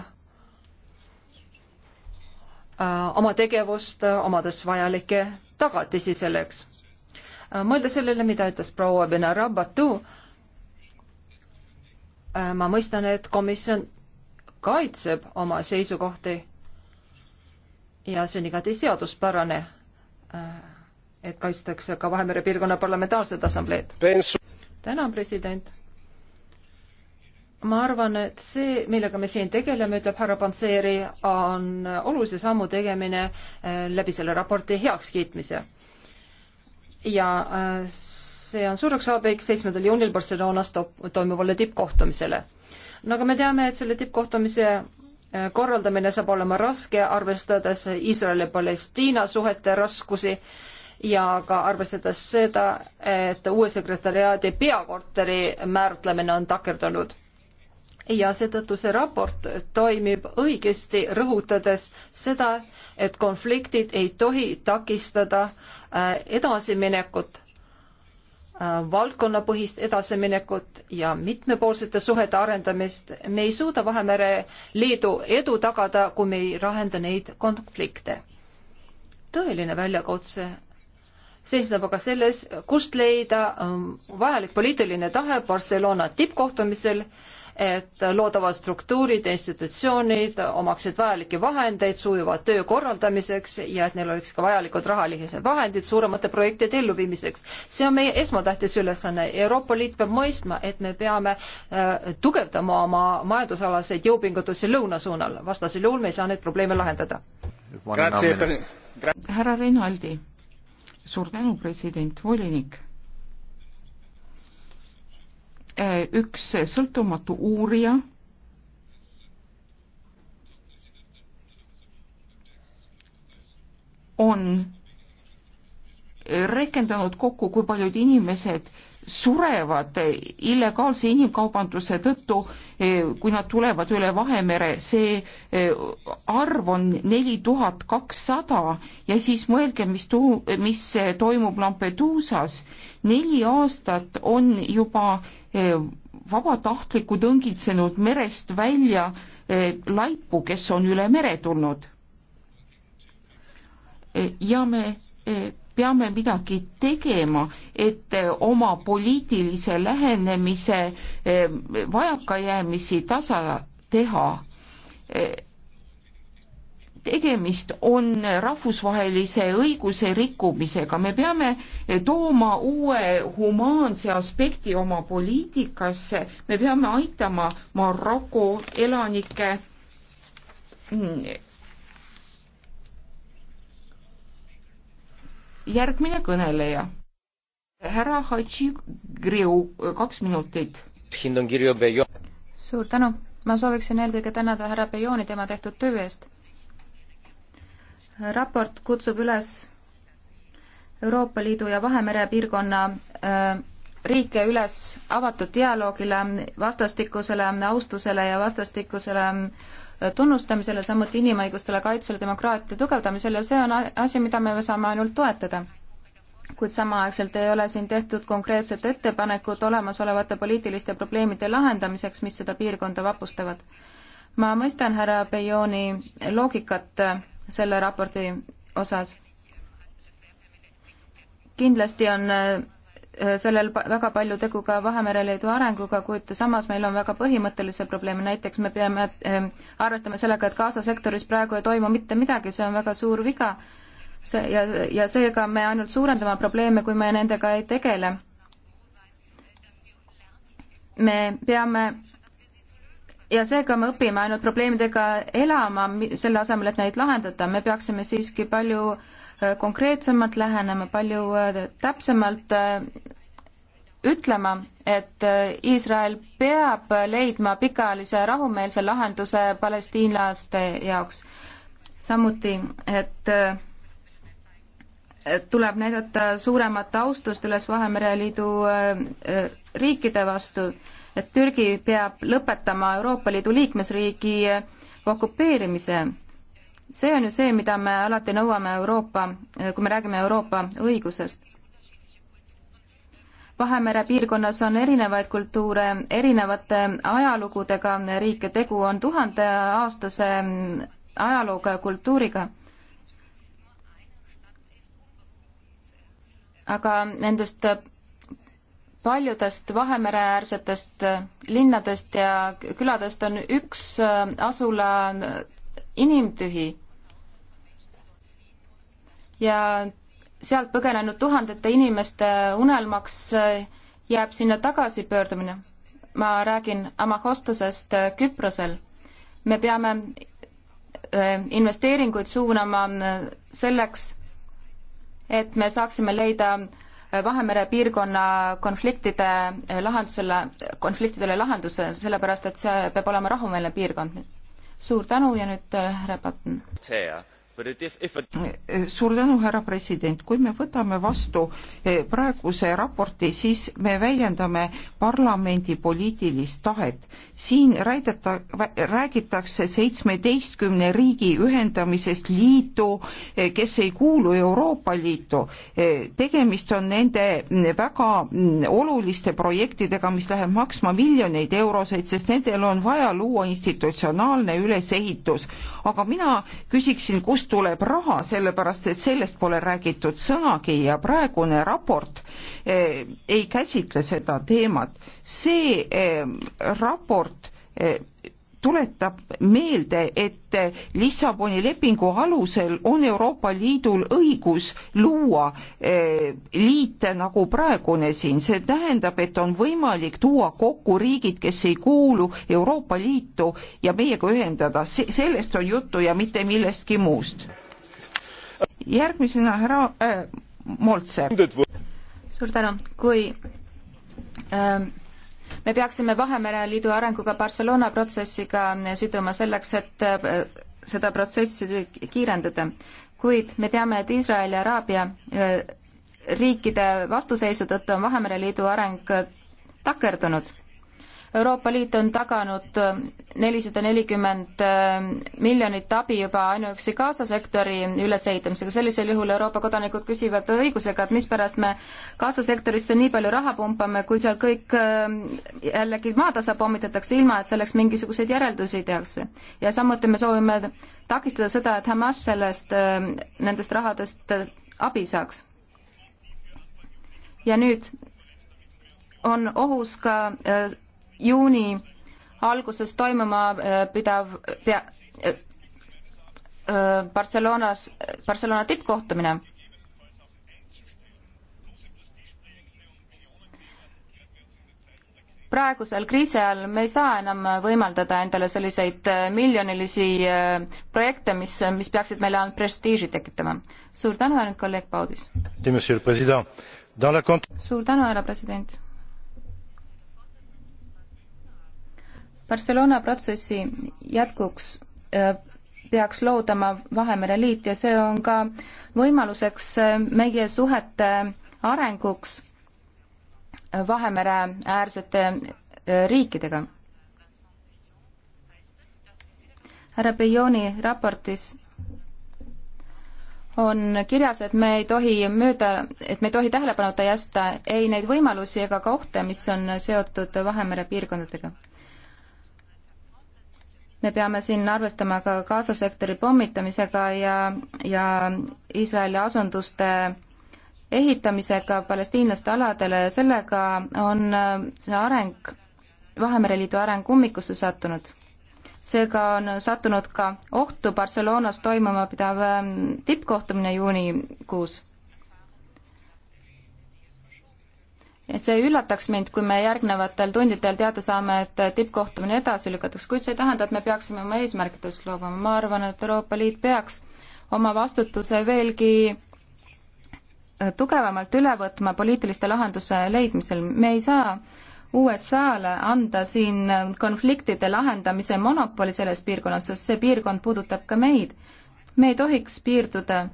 [SPEAKER 3] äh, oma tegevust, äh, omades vajalikke tagatisi selleks. Äh, mõelda sellele, mida ütles proua Benarabatu, ma mõistan, et komisjon kaitseb oma seisukohti ja see on igati seaduspärane, et kaitstakse ka Vahemere piirkonna parlamentaarset assambleed. tänan, president ma arvan, et see, millega me siin tegeleme, ütleb härra Panseri, on olulise sammu tegemine äh, läbi selle raporti heakskiitmise. ja äh, see on suureks abiks seitsmendal juunil Barcelonas to toimuvale tippkohtumisele. no aga me teame, et selle tippkohtumise äh, korraldamine saab olema raske, arvestades Iisraeli-Palestiina suhete raskusi ja ka arvestades seda, et uue sekretäriaadi peakorteri määratlemine on takerdunud ja seetõttu see raport toimib õigesti, rõhutades seda, et konfliktid ei tohi takistada äh, edasiminekut, äh, valdkonnapõhist edasiminekut ja mitmepoolsete suhete arendamist. me ei suuda Vahemere Liidu edu tagada, kui me ei lahenda neid konflikte. tõeline väljakutse seisneb aga selles, kust leida ähm, vajalik poliitiline tahe Barcelona tippkohtumisel et loodavad struktuurid, institutsioonid omaksid vajalikke vahendeid sujuva töö korraldamiseks ja et neil oleks ka vajalikud rahalised vahendid suuremate projektide elluviimiseks. see on meie esmatähtis ülesanne. Euroopa Liit peab mõistma, et me peame äh, tugevdama oma majandusalaseid jõupingutusi lõuna suunal, vastasel juhul me ei saa neid probleeme lahendada.
[SPEAKER 1] härra Reinaldi, suur tänu, president, volinik Äh, üks sõltumatu uurija, on rekendanud kokku, kui paljud inimesed surevad illegaalse inimkaubanduse tõttu, eh, kui nad tulevad üle Vahemere, see eh, arv on neli tuhat kakssada ja siis mõelge, mis tu-, mis eh, toimub Lampeduusas. neli aastat on juba vabatahtlikud õngitsenud merest välja laipu, kes on üle mere tulnud. ja me peame midagi tegema, et oma poliitilise lähenemise eh, vajakajäämisi tasa teha. Eh, tegemist on rahvusvahelise õiguse rikkumisega, me peame tooma uue humaanse aspekti oma poliitikasse, me peame aitama Maroko elanikke mm, järgmine kõneleja, härra Hadži Griu, kaks minutit. suur
[SPEAKER 2] tänu, ma sooviksin eelkõige tänada härra Bejoni tema tehtud töö eest. raport kutsub üles Euroopa Liidu ja Vahemere piirkonna äh, riike üles avatud dialoogile, vastastikusele austusele ja vastastikusele äh, tunnustamisele, samuti inimõigustele kaitsele, demokraatia tugevdamisele, see on asi, mida me saame ainult toetada. kuid samaaegselt ei ole siin tehtud konkreetset ettepanekut olemasolevate poliitiliste probleemide lahendamiseks, mis seda piirkonda vapustavad. ma mõistan härra Bejoni loogikat äh, selle raporti osas. kindlasti on äh, Äh, sellel väga palju tegu ka Vahemere Liidu arenguga, kuid samas meil on väga põhimõttelisi probleeme, näiteks me peame ähm, arvestama sellega, et Gaza sektoris praegu ei toimu mitte midagi, see on väga suur viga. see ja, ja seega me ainult suurendame probleeme, kui me nendega ei tegele. me peame ja seega me õpime ainult probleemidega elama, selle asemel, et neid lahendada, me peaksime siiski palju äh, Äh, konkreetsemalt lähenema, palju äh, täpsemalt äh, ütlema, et Iisrael peab leidma pikaajalise rahumeelse lahenduse palestiinlaste jaoks. samuti, et tuleb näidata suuremat austust üles Vahemere Liidu riikide vastu, et Türgi peab lõpetama Euroopa Liidu liikmesriigi okupeerimise see on ju see, mida me alati nõuame Euroopa, kui me räägime Euroopa õigusest. Vahemere piirkonnas on erinevaid kultuure, erinevate ajalugudega riike, tegu on tuhandeaastase ajalooga ja kultuuriga. aga nendest paljudest Vahemereäärsetest linnadest ja küladest on üks asula inimtühi ja sealt põgenenud tuhandete inimeste unelmaks äh, jääb sinna tagasipöördumine. ma räägin Amahostusest äh, Küprosel. me peame äh, investeeringuid suunama selleks, et me saaksime leida Vahemere piirkonna konfliktide lahendusele, konfliktidele lahenduse, sellepärast et see peab olema rahumeelne piirkond suur tänu ja nüüd äh, härra Patten
[SPEAKER 1] suur tänu, härra president, kui me võtame vastu eh, praeguse raporti, siis me väljendame parlamendi poliitilist tahet. siin räägita, räägitakse seitsmeteistkümne riigi ühendamisest liitu, eh, kes ei kuulu Euroopa Liitu. Eh, tegemist on nende mm, väga mm, oluliste projektidega, mis läheb maksma miljoneid euroseid, sest nendel on vaja luua institutsionaalne ülesehitus. aga mina küsiksin, kust kust tuleb raha, sellepärast et sellest pole räägitud sõnagi ja praegune raport eh, ei käsitle seda teemat. see eh, raport eh, tuletab meelde, et Lissaboni lepingu alusel on Euroopa Liidul õigus luua eh, liite nagu praegune siin. see tähendab, et on võimalik tuua kokku riigid, kes ei kuulu Euroopa Liitu ja meiega ühendada. sellest on juttu ja mitte millestki muust. järgmisena härra äh, Moltsev.
[SPEAKER 2] suur tänu, kui äh, me peaksime Vahemere Liidu arenguga Barcelona protsessiga siduma selleks, et äh, seda protsessi kiirendada. kuid me teame, et Iisrael ja Araabia äh, riikide vastuseisu tõttu on Vahemere Liidu areng takerdunud Euroopa Liit on taganud äh, nelisada nelikümmend äh, miljonit abi juba ainuüksi Gaza sektori ülesehitamisega, sellisel juhul Euroopa kodanikud küsivad õigusega, et mispärast me Gaza sektorisse nii palju raha pumpame, kui seal kõik äh, jällegi maatasa pommitatakse, ilma et selleks mingisuguseid järeldusi tehakse. ja samuti me soovime takistada seda, et Hamas sellest, nendest rahadest abi saaks. ja nüüd on ohus ka juuni alguses toimuma äh, pidav pea, äh, äh, Barcelonas, Barcelona tippkohtumine. praegusel kriisi ajal me ei saa enam võimaldada endale selliseid miljonilisi projekte, mis, mis peaksid meile ainult prestiiži tekitama. suur tänu, ainult kolleeg Paudis. suur tänu, härra president Barcelona protsessi jätkuks äh, peaks loodama Vahemere liit ja see on ka võimaluseks äh, meie suhete arenguks äh, Vahemere äärsete riikidega. härra Bejoni raportis on kirjas, et me ei tohi mööda, et me ei tohi tähelepanuta jästa ei neid võimalusi ega ka ohte, mis on seotud Vahemere piirkondadega me peame siin arvestama ka Gaza sektori pommitamisega ja, ja Iisraeli asunduste ehitamisega palestiinlaste aladele ja sellega on äh, see areng, Vahemere Liidu areng ummikusse sattunud. seega on sattunud ka ohtu Barcelonas toimuma pidav ähm, tippkohtumine juunikuus see üllataks mind, kui me järgnevatel tundidel teada saame, et tippkohtumine edasi lükatakse, kuid see ei tähenda, et me peaksime oma eesmärkidest loobuma. ma arvan, et Euroopa Liit peaks oma vastutuse veelgi äh, tugevamalt üle võtma poliitiliste lahenduse leidmisel. me ei saa USA-le anda siin äh, konfliktide lahendamise monopoli selles piirkonnas, sest see piirkond puudutab ka meid. me ei tohiks piirduda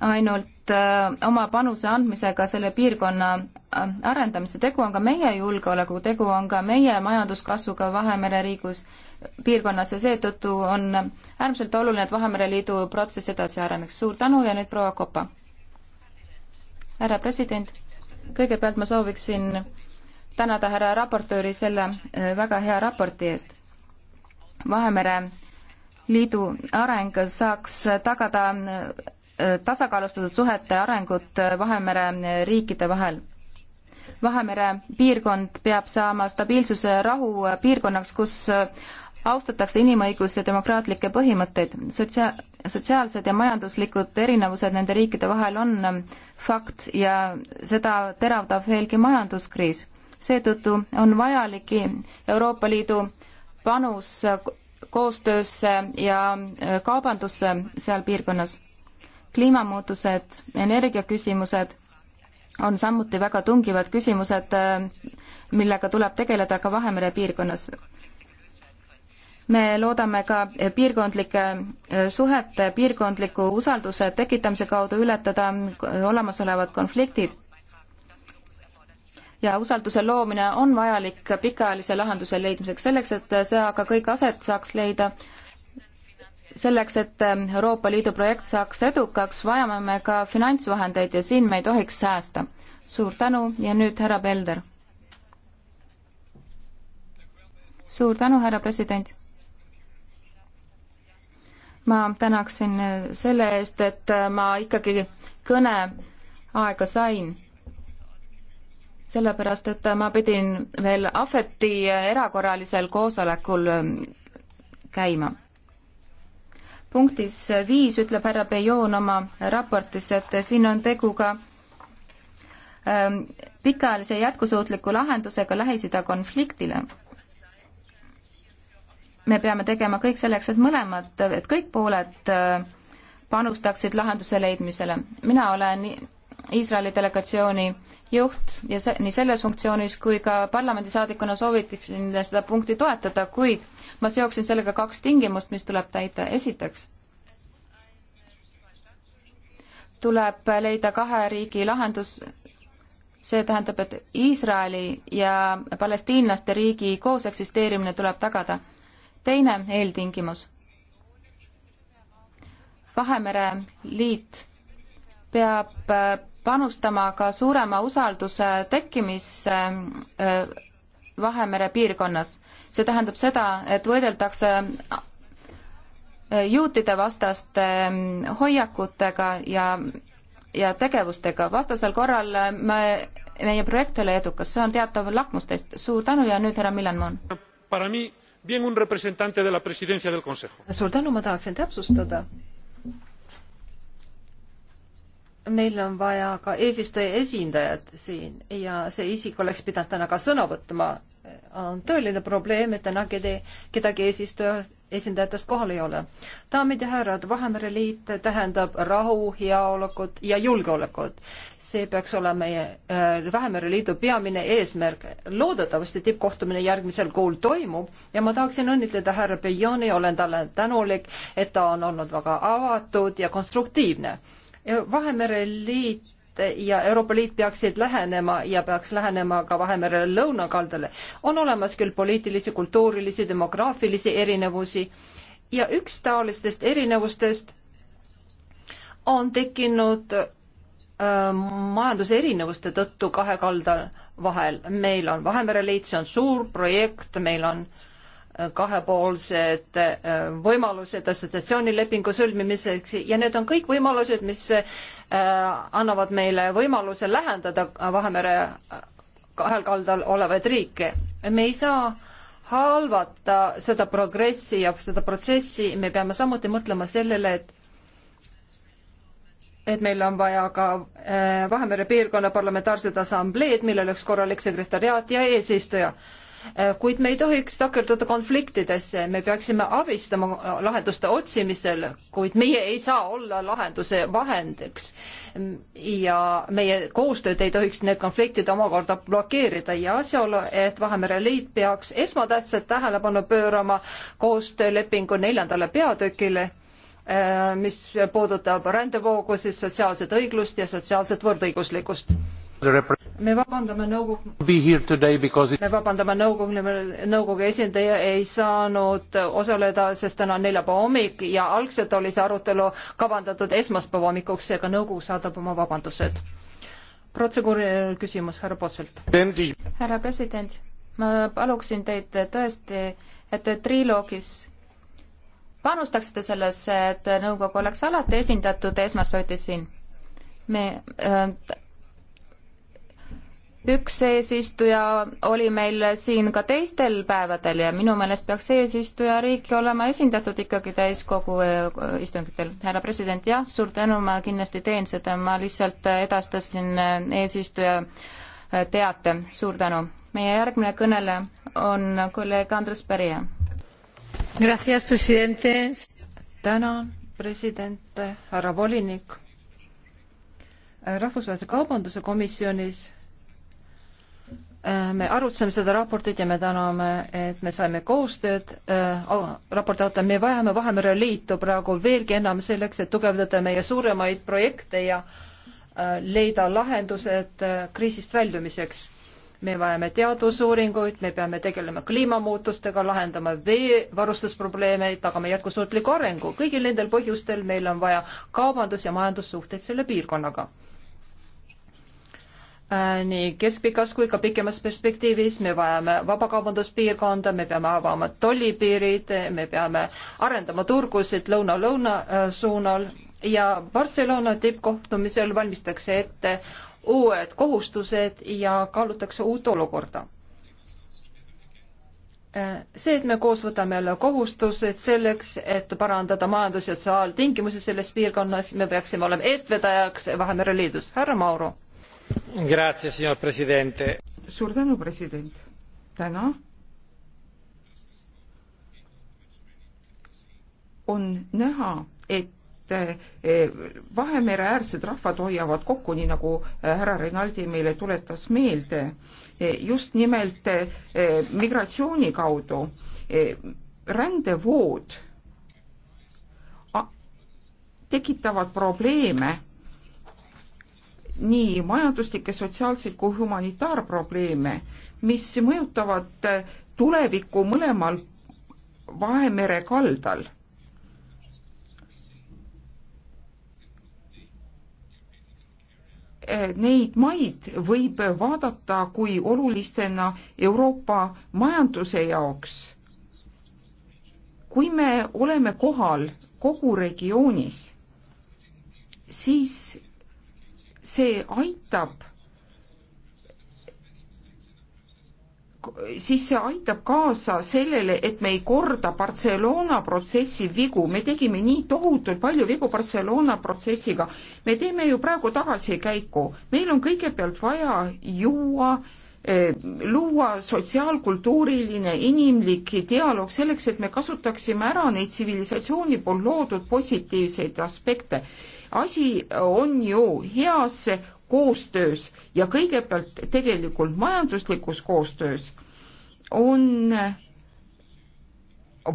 [SPEAKER 2] ainult äh, oma panuse andmisega selle piirkonna äh, arendamise, tegu on ka meie julgeoleku, tegu on ka meie majanduskasvuga Vahemere riigus, piirkonnas ja seetõttu on äärmiselt oluline, et Vahemere Liidu protsess edasi areneks. suur tänu ja nüüd proua Kopa. härra president, kõigepealt ma sooviksin tänada härra raportööri selle äh, väga hea raporti eest. Vahemere Liidu areng saaks tagada Äh, tasakaalustatud suhete arengut äh, Vahemere äh, riikide vahel. Vahemere piirkond peab saama stabiilsuse ja rahu piirkonnaks, kus austatakse inimõigusi ja demokraatlikke põhimõtteid. Sotsia-, sotsiaalsed ja majanduslikud erinevused nende riikide vahel on fakt ja seda teravdab veelgi majanduskriis. seetõttu on vajalik Euroopa Liidu panus koostöösse ja kaubandusse seal piirkonnas kliimamuutused, energiaküsimused on samuti väga tungivad küsimused, millega tuleb tegeleda ka Vahemere piirkonnas. me loodame ka piirkondlike eh, suhete, piirkondliku usalduse tekitamise kaudu ületada olemasolevad konfliktid. ja usalduse loomine on vajalik pikaajalise lahenduse leidmiseks, selleks et see aga kõik aset saaks leida, selleks, et ähm, Euroopa Liidu projekt saaks edukaks, vajame me ka finantsvahendeid ja siin me ei tohiks säästa. suur tänu ja nüüd härra Pelder. suur tänu, härra president. ma tänaksin äh, selle eest, et äh, ma ikkagi kõne aega sain sellepärast, et äh, ma pidin veel Ahveti erakorralisel koosolekul ähm, käima punktis viis ütleb härra Bejon oma raportis, et siin on tegu ka ähm, pikaajalise jätkusuutliku lahendusega Lähis-Ida konfliktile. me peame tegema kõik selleks, et mõlemad, et kõik pooled äh, panustaksid lahenduse leidmisele. mina olen Iisraeli delegatsiooni juht ja se-, nii selles funktsioonis kui ka parlamendisaadikuna soovitaksin seda punkti toetada, kuid ma seoksin sellega kaks tingimust, mis tuleb täita. esiteks tuleb leida kahe riigi lahendus, see tähendab, et Iisraeli ja palestiinlaste riigi koos eksisteerimine tuleb tagada. teine eeltingimus. Vahemere liit peab äh, panustama ka suurema usalduse tekkimisse äh, Vahemere piirkonnas. see tähendab seda, et võideldakse äh, juutide vastaste ähm, hoiakutega ja, ja tegevustega. vastasel korral äh, me, meie projekt ei ole edukas, see on teatav lakmustest. suur tänu ja nüüd härra Millenmoon. suur tänu, ma tahaksin täpsustada
[SPEAKER 3] meil on vaja ka eesistuja esindajat siin ja see isik oleks pidanud täna ka sõna võtma. on tõeline probleem, et täna kede, kedagi eesistuja esindajatest kohal ei ole. daamid ja härrad, Vahemere liit tähendab rahu, heaolekut ja julgeolekut. see peaks olema meie äh, Vahemere liidu peamine eesmärk. loodetavasti tippkohtumine järgmisel kuul toimub ja ma tahaksin õnnitleda härra Bejoni, olen talle tänulik, et ta on olnud väga avatud ja konstruktiivne Vahemere Liit ja Euroopa Liit peaksid lähenema ja peaks lähenema ka Vahemere lõunakaldale. on olemas küll poliitilisi, kultuurilisi, demograafilisi erinevusi ja üks taolistest erinevustest on tekkinud äh, majanduserinevuste tõttu kahe kalda vahel. meil on Vahemere Liit, see on suur projekt, meil on äh, kahepoolsed äh, võimalused assotsiatsioonilepingu sõlmimiseks ja need on kõik võimalused, mis äh, annavad meile võimaluse lähendada Vahemere kahel kaldal olevaid riike. me ei saa halvata seda progressi ja seda protsessi, me peame samuti mõtlema sellele, et et meil on vaja ka äh, Vahemere piirkonna parlamentaarsed assambleed, millel oleks korralik sekretariaat ja eesistuja Äh, kuid me ei tohiks takerduda konfliktidesse, me peaksime abistama lahenduste otsimisel, kuid meie ei saa olla lahenduse vahendiks. ja meie koostööd ei tohiks need konfliktid omakorda blokeerida ja asjaolu, et Vahemere Liit peaks esmatähtsat tähelepanu pöörama koostöölepingu neljandale peatükile äh, mis puudutab rändevoogu, siis sotsiaalset õiglust ja sotsiaalset võrdõiguslikkust me vabandame nõukogu,
[SPEAKER 1] me
[SPEAKER 3] vabandame nõukogu, nõukogu esindaja ei saanud osaleda, sest täna on neljapäeva hommik ja algselt oli see arutelu kavandatud esmaspäeva hommikuks, seega nõukogu saadab oma vabandused. protseduuriline küsimus härra Posselt.
[SPEAKER 2] härra president, ma paluksin teid tõesti, et te triloogis panustaksite sellesse, et nõukogu oleks alati esindatud esmaspäeviti siin. me äh, üks eesistuja oli meil siin ka teistel päevadel ja minu meelest peaks eesistujariik olema esindatud ikkagi täiskogu äh, istungitel. härra president, jah, suur tänu, ma kindlasti teen seda, ma lihtsalt edastasin äh, eesistuja äh, teate, suur tänu. meie järgmine kõneleja on kolleeg Andres Pärija. tänan, president,
[SPEAKER 3] härra volinik. rahvusvahelise Kaubanduse Komisjonis Äh, me arutasime seda raportit ja me täname, et me saime koostööd äh, raporti auto, me vajame Vahemere Liitu praegu veelgi enam selleks, et tugevdada meie suuremaid projekte ja äh, leida lahendused äh, kriisist väljumiseks. me vajame teadusuuringuid, me peame tegelema kliimamuutustega, lahendama veevarustusprobleeme, tagama jätkusuutliku arengu. kõigil nendel põhjustel meil on vaja kaubandus- ja majandussuhteid selle piirkonnaga Äh, nii keskpikas kui ka pikemas perspektiivis me vajame vabakaubanduspiirkonda, me peame avama tollipiirid, me peame arendama turgusid lõuna-lõuna äh, suunal ja Barcelona tippkohtumisel valmistatakse ette uued kohustused ja kaalutakse uut olukorda. Äh, see, et me koos võtame jälle kohustused selleks, et parandada majandus- ja sotsiaaltingimusi selles piirkonnas, me peaksime olema eestvedajaks Vahemere Liidus. härra Mauro
[SPEAKER 1] suur tänu, president. täna on näha, et eh, Vahemere äärsed rahvad hoiavad kokku, nii nagu eh, härra Rinaldi meile tuletas meelde, eh, just nimelt migratsiooni kaudu. rändevood tekitavad probleeme nii majanduslikke, sotsiaalseid kui humanitaarprobleeme, mis mõjutavad eh, tulevikku mõlemal Vahemere kaldal eh, neid maid võib vaadata kui olulistena Euroopa majanduse jaoks. kui me oleme kohal kogu regioonis, siis see aitab, siis see aitab kaasa sellele, et me ei korda Barcelona protsessi vigu, me tegime nii tohutult palju vigu Barcelona protsessiga, me teeme ju praegu tagasikäiku, meil on kõigepealt vaja juua eh, luua sotsiaalkultuuriline inimlik dialoog selleks, et me kasutaksime ära neid tsivilisatsiooni poolt loodud positiivseid aspekte asi on ju heas koostöös ja kõigepealt tegelikult majanduslikus koostöös on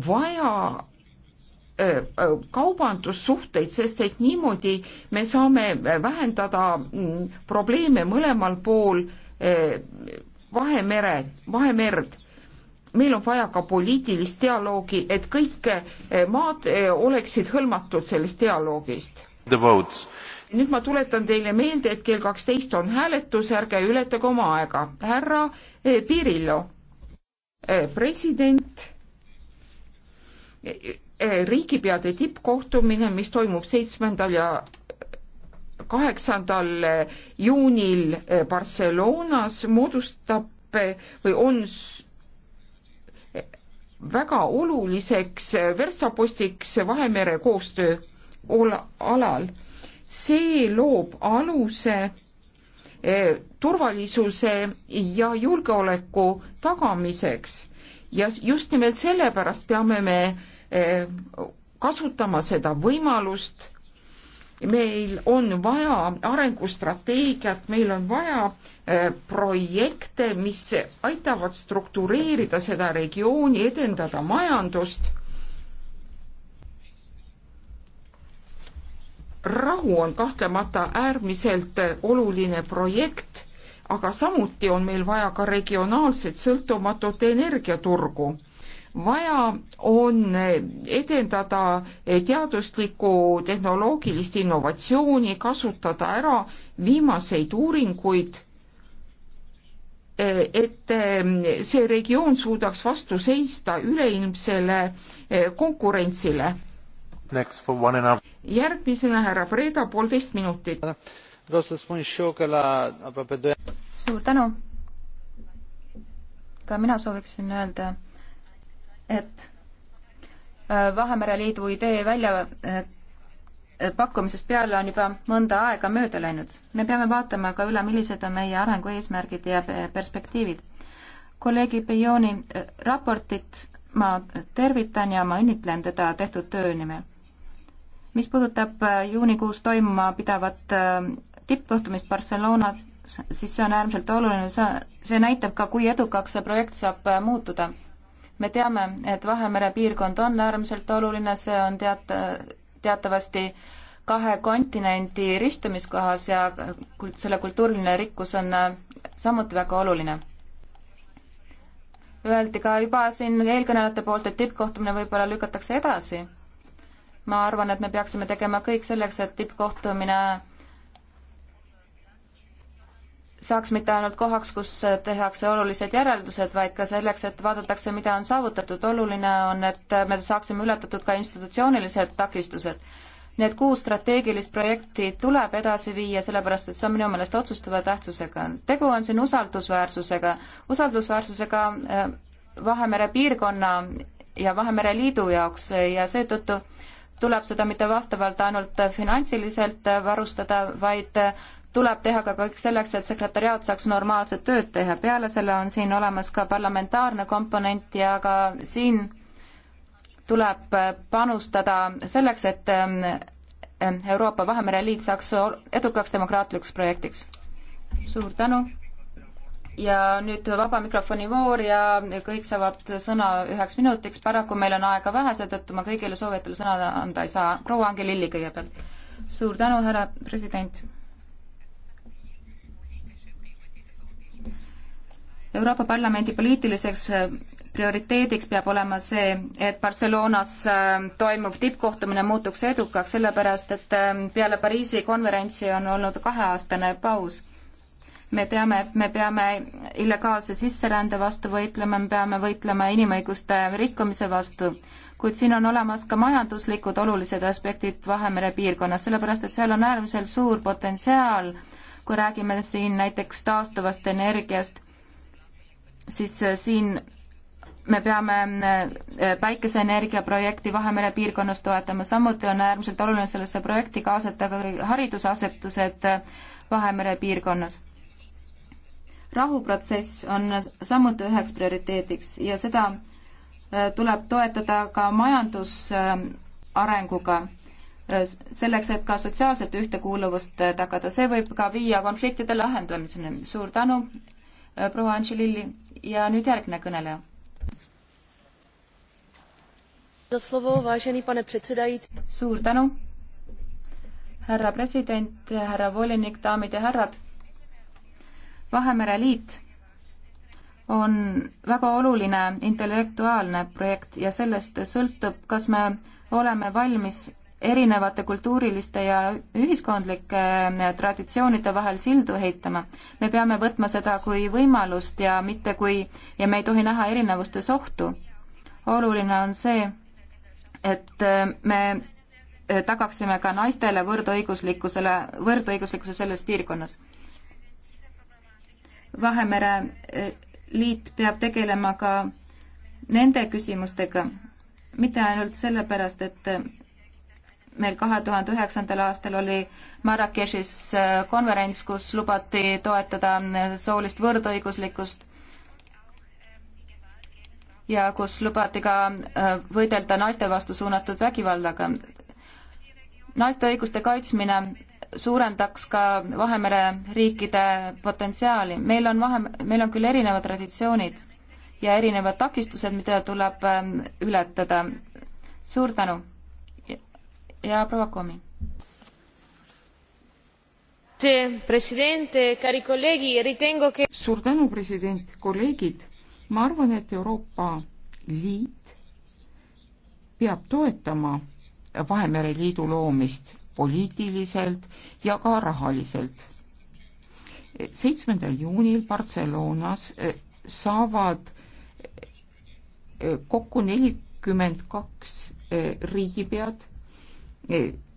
[SPEAKER 1] vaja äh, äh, kaubandussuhteid, sest et niimoodi me saame vähendada mm, probleeme mõlemal pool äh, Vahemere, Vahemerd. meil on vaja ka poliitilist dialoogi, et kõik maad oleksid hõlmatud sellest dialoogist nüüd ma tuletan teile meelde, et kell kaksteist on hääletus, ärge ületage oma aega. härra eh, Pirillo, eh, president, eh, riigipeade tippkohtumine, mis toimub seitsmendal ja kaheksandal juunil Barcelonas, moodustab või on väga oluliseks verstapostiks Vahemere koostöö alal. see loob aluse eh, turvalisuse ja julgeoleku tagamiseks ja just nimelt sellepärast peame me eh, kasutama seda võimalust. meil on vaja arengustrateegiat, meil on vaja eh, projekte, mis aitavad struktureerida seda regiooni, edendada majandust rahu on kahtlemata äärmiselt oluline projekt, aga samuti on meil vaja ka regionaalset sõltumatut energiaturgu. vaja on edendada teaduslikku tehnoloogilist innovatsiooni, kasutada ära viimaseid uuringuid, et see regioon suudaks vastu seista üleilmsele konkurentsile. Next for one and a half järgmisena härra Freda, poolteist minutit.
[SPEAKER 2] suur tänu. ka mina sooviksin öelda, et äh, Vahemere Liidu idee välja äh, pakkumisest peale on juba mõnda aega mööda läinud. me peame vaatama ka üle, millised on meie arengueesmärgid ja perspektiivid. kolleegi Bejoni äh, raportit ma tervitan ja ma õnnitlen teda tehtud töö nimel mis puudutab äh, juunikuus toimuma pidavat äh, tippkohtumist Barcelonas, siis see on äärmiselt oluline, see, see näitab ka, kui edukaks see projekt saab äh, muutuda. me teame, et Vahemere piirkond on äärmiselt oluline, see on teat-, teatavasti kahe kontinendi ristumiskohas ja kult-, selle kultuuriline rikkus on samuti väga oluline. Öeldi ka juba siin eelkõnelejate poolt, et tippkohtumine võib-olla lükatakse edasi ma arvan, et me peaksime tegema kõik selleks, et tippkohtumine saaks mitte ainult kohaks, kus tehakse olulised järeldused, vaid ka selleks, et vaadatakse, mida on saavutatud. oluline on, et me saaksime ületatud ka institutsioonilised takistused. Need kuus strateegilist projekti tuleb edasi viia, sellepärast et see on minu meelest otsustava tähtsusega. tegu on siin usaldusväärsusega, usaldusväärsusega äh, Vahemere piirkonna ja Vahemere Liidu jaoks ja seetõttu äh, tuleb seda mitte vastavalt ainult finantsiliselt varustada, vaid tuleb teha ka kõik selleks, et sekretäriaat saaks normaalset tööd teha. peale selle on siin olemas ka parlamentaarne komponent ja ka siin tuleb panustada selleks, et ähm, ähm, Euroopa Vahemere Liit saaks edukaks demokraatlikuks projektiks. suur tänu! ja nüüd vaba mikrofoni voor ja kõik saavad sõna üheks minutiks, paraku meil on aega vähe, seetõttu ma kõigile soovijatele sõna anda ei saa. proua Angelilli kõigepealt. suur tänu, härra president. Euroopa Parlamendi poliitiliseks prioriteediks peab olema see, et Barcelonas äh, toimuv tippkohtumine muutuks edukaks, sellepärast et äh, peale Pariisi konverentsi on olnud kaheaastane paus me teame, et me peame illegaalse sisserände vastu võitlema, me peame võitlema inimõiguste rikkumise vastu, kuid siin on olemas ka majanduslikud olulised aspektid Vahemere piirkonnas, sellepärast et seal on äärmiselt suur potentsiaal, kui räägime siin näiteks taastuvast energiast, siis äh, siin me peame äh, päikeseenergia projekti Vahemere piirkonnas toetama, samuti on äärmiselt oluline sellesse projekti kaasata ka haridusasutused äh, Vahemere piirkonnas rahuprotsess on samuti üheks prioriteediks ja seda äh, tuleb toetada ka majandusarenguga, äh, selleks, et ka sotsiaalset ühtekuuluvust äh, tagada, see võib ka viia konfliktide lahendamiseni. suur tänu, proua Anželilli ja nüüd järgmine kõneleja. suur tänu, härra president, härra volinik, daamid ja härrad Vahemere liit on väga oluline intellektuaalne projekt ja sellest sõltub, kas me oleme valmis erinevate kultuuriliste ja ühiskondlike äh, traditsioonide vahel sildu heitama. me peame võtma seda kui võimalust ja mitte kui, ja me ei tohi näha erinevustes ohtu. oluline on see, et äh, me äh, tagaksime ka naistele võrdõiguslikkusele, võrdõiguslikkuse selles piirkonnas Vahemere eh, Liit peab tegelema ka nende küsimustega, mitte ainult sellepärast, et eh, meil kahe tuhande üheksandal aastal oli Marrakechis eh, konverents, kus lubati toetada soolist võrdõiguslikkust ja kus lubati ka võidelda naiste vastu suunatud vägivallaga. naiste õiguste kaitsmine suurendaks ka Vahemere riikide potentsiaali. meil on vahe, meil on küll erinevad traditsioonid ja erinevad takistused, mida tuleb ähm, ületada. suur tänu ja proua Komi.
[SPEAKER 1] suur tänu, president, kolleegid. ma arvan, et Euroopa Liit peab toetama Vahemere Liidu loomist poliitiliselt ja ka rahaliselt. seitsmendal juunil Barcelonas eh, saavad eh, kokku nelikümmend kaks eh, riigipead,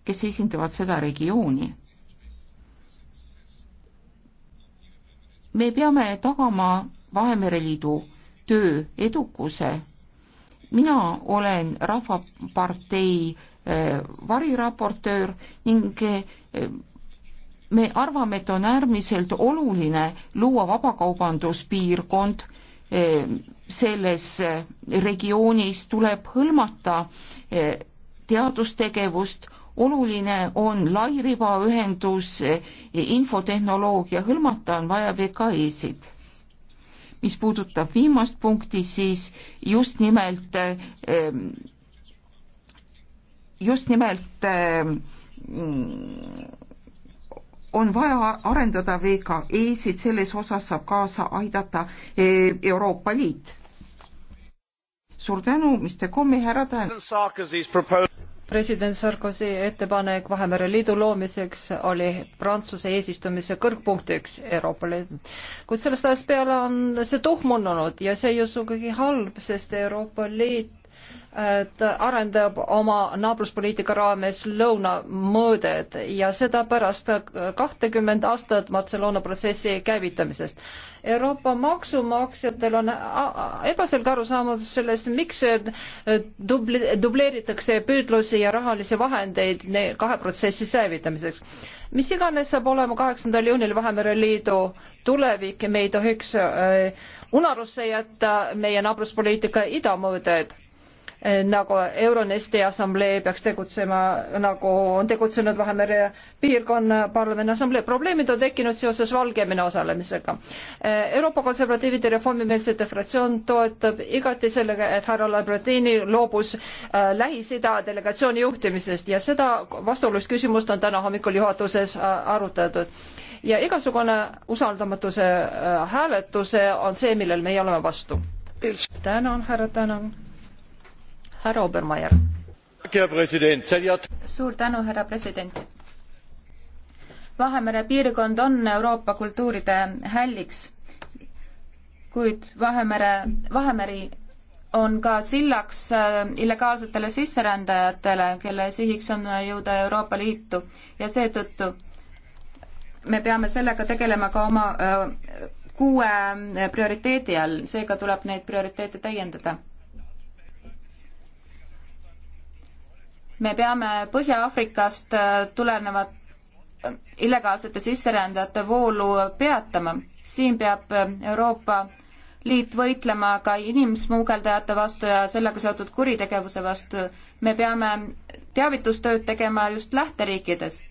[SPEAKER 1] kes esindavad seda regiooni. me peame tagama Vahemere Liidu töö edukuse mina olen Rahvapartei eh, variraportöör ning eh, me arvame, et on äärmiselt oluline luua vabakaubanduspiirkond eh, selles regioonis tuleb hõlmata teadustegevust, oluline on lairibaühendus, infotehnoloogia, hõlmata on vaja VKE-sid mis puudutab viimast punkti, siis just nimelt, ehm, just nimelt ehm, on vaja arendada VKE-sid, selles osas saab kaasa aidata e, Euroopa Liit. suur tänu, Mr. Kommi, härra Tänan president Sarkozy ettepanek Vahemere Liidu
[SPEAKER 3] loomiseks oli Prantsuse eesistumise kõrgpunktiks Euroopa Liidu. kuid sellest ajast peale on see tuhmunud ja see ei ole sugugi halb, sest Euroopa Liit ta arendab oma naabruspoliitika raames lõunamõõded ja seda pärast kahtekümmend aastat Barcelona protsessi käivitamisest. Euroopa maksumaksjatel on ebaselge arusaamus sellest, miks dubli-, dubleeritakse püüdlusi ja rahalisi vahendeid kahe protsessi säilitamiseks. mis iganes saab olema kaheksandal juunil Vahemere Liidu tulevik, me ei tohiks äh, unarusse jätta meie naabruspoliitika idamõõded nagu Euronesti assamblee peaks tegutsema, nagu on tegutsenud Vahemere piirkonna parlamendi assamblee. probleemid on tekkinud seoses Valgevene osalemisega. Euroopa Konservatiivide Reformimeelsete fraktsioon toetab igati sellega, et härra Labratini loobus äh, Lähis-Ida delegatsiooni juhtimisest ja seda vastuolulist küsimust on täna hommikul juhatuses äh, arutatud ja igasugune usaldamatuse äh, hääletuse on see, millel meie oleme vastu. tänan, härra Tänan
[SPEAKER 2] härra Obermeier. suur tänu, härra president. Vahemere piirkond on Euroopa kultuuride hälliks, kuid Vahemere, Vahemeri on ka sillaks äh, illegaalsetele sisserändajatele, kelle sihiks on jõuda Euroopa Liitu ja seetõttu me peame sellega tegelema ka oma öö, äh, kuue äh, prioriteedi all, seega tuleb neid prioriteete täiendada me peame Põhja-Aafrikast äh, tulenevat äh, illegaalsete sisserändajate voolu peatama. siin peab äh, Euroopa Liit võitlema ka inimsmuugeldajate vastu ja sellega seotud kuritegevuse vastu. me peame teavitustööd tegema just lähteriikides.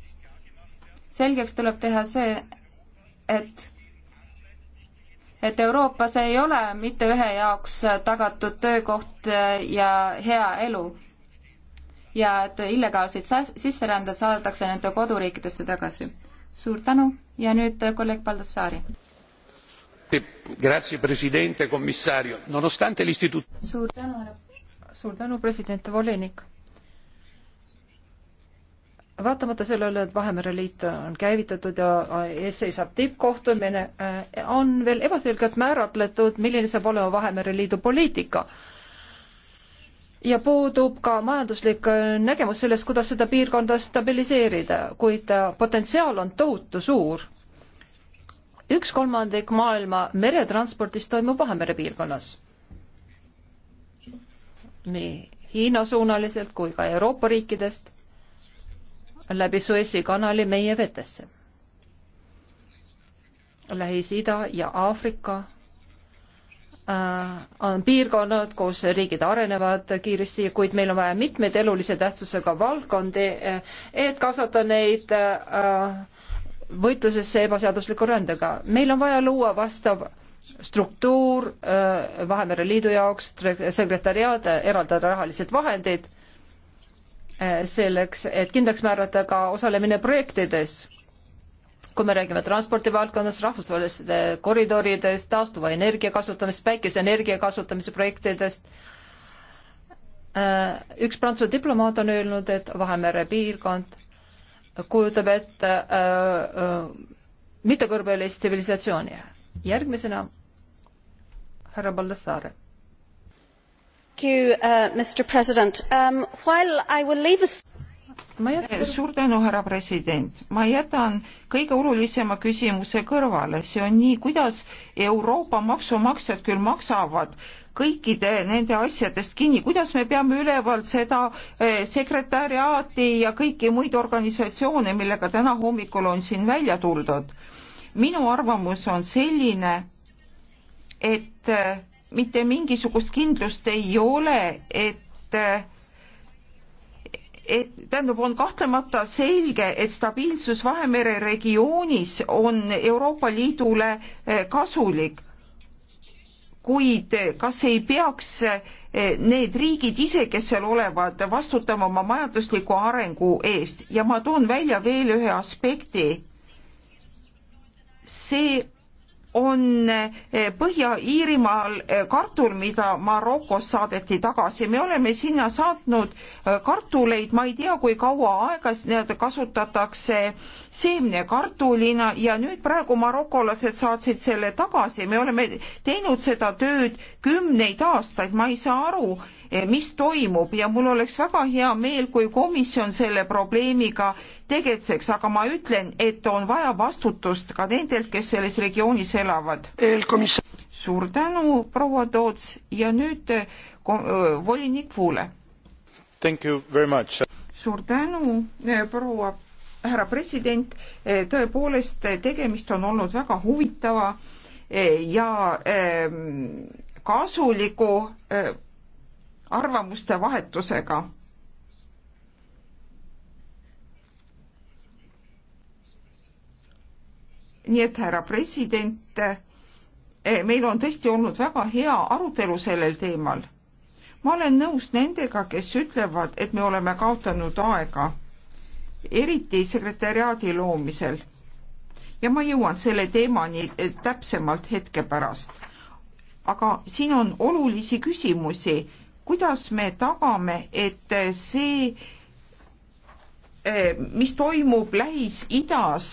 [SPEAKER 2] selgeks tuleb teha see, et et Euroopas ei ole mitte ühe jaoks tagatud töökoht ja hea elu ja et illegaalseid sisserändajad saadetakse nende koduriikidesse tagasi. suur tänu ja nüüd äh, kolleeg Baldassari. suur tänu, härra. suur
[SPEAKER 3] tänu, president ja volinik. vaatamata sellele, et Vahemere Liit on käivitatud ja äh, ees seisab tippkohtumine, äh, on veel ebaselgelt määratletud, milline saab olema Vahemere Liidu poliitika ja puudub ka majanduslik äh, nägemus sellest, kuidas seda piirkonda stabiliseerida, kuid äh, potentsiaal on tohutu suur. üks kolmandik maailma meretranspordist toimub Vahemere piirkonnas. nii Hiina suunaliselt kui ka Euroopa riikidest läbi Suessi kanali meie vetesse. Lähis-Ida ja Aafrika Äh, on piirkonnad, kus riigid arenevad kiiresti, kuid meil on vaja mitmeid elulise tähtsusega valdkondi, äh, et kaasata neid äh, võitlusesse ebaseadusliku rändega. meil on vaja luua vastav struktuur Vahemere Liidu jaoks, sekretäriaad, eraldada rahalised vahendid selleks, et kindlaks määrata ka osalemine projektides kui me räägime transpordivaldkonnast, rahvusvaheliste eh, koridoridest, taastuva energia kasutamist, päikeseenergia kasutamise projektidest. Eh, üks Prantsuse diplomaat on öelnud, et Vahemere piirkond kujutab ette äh, eh, mittekõrbelis tsivilisatsiooni. järgmisena härra Baldassare. Thank you, uh, Mr
[SPEAKER 1] President. Um, while I will leave aside Eh, jätan... suur tänu, härra president. ma jätan kõige olulisema küsimuse kõrvale, see on nii, kuidas Euroopa maksumaksjad küll maksavad kõikide nende asjadest kinni, kuidas me peame üleval seda eh, sekretäriaati ja kõiki muid organisatsioone, millega täna hommikul on siin välja tuldud. minu arvamus on selline, et eh, mitte mingisugust kindlust ei ole, et et tähendab, on kahtlemata selge, et stabiilsus Vahemere regioonis on Euroopa Liidule eh, kasulik. kuid eh, kas ei peaks eh, need riigid ise, kes seal olevad, vastutama oma majandusliku arengu eest ja ma toon välja veel ühe aspekti. see on eh, Põhja-Iirimaal eh, kartul, mida Marokost saadeti tagasi. me oleme sinna saatnud eh, kartuleid, ma ei tea, kui kaua aega need kasutatakse seemnekartulina ja nüüd praegu marokolased saatsid selle tagasi. me oleme teinud seda tööd kümneid aastaid, ma ei saa aru Eh, mis toimub ja mul oleks väga hea meel, kui komisjon selle probleemiga tegutseks, aga ma ütlen, et on vaja vastutust ka nendelt, kes selles regioonis elavad. suur tänu, proua Toots ja nüüd eh, eh, volinik Fuule. suur tänu, proua härra president, tõepoolest tegemist on olnud väga huvitava ja ehm, kasuliku arvamuste vahetusega. nii et härra president, eh, meil on tõesti olnud väga hea arutelu sellel teemal. ma olen nõus nendega, kes ütlevad, et me oleme kaotanud aega, eriti sekretäriaadi loomisel. ja ma jõuan selle teemani eh, täpsemalt hetke pärast. aga siin on olulisi küsimusi kuidas me tagame, et see, eh, mis toimub Lähis-Idas,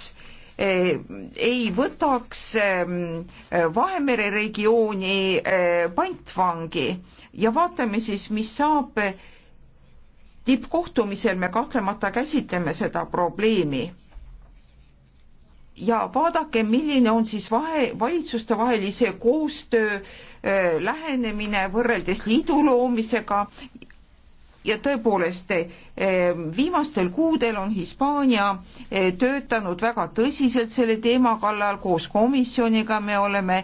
[SPEAKER 1] eh, ei võtaks ehm, Vahemere regiooni eh, pantvangi ja vaatame siis, mis saab tippkohtumisel me kahtlemata käsitleme seda probleemi ja vaadake, milline on siis vahe, valitsustevahelise koostöö äh, lähenemine võrreldes liidu loomisega ja tõepoolest äh, viimastel kuudel on Hispaania äh, töötanud väga tõsiselt selle teema kallal koos komisjoniga, me oleme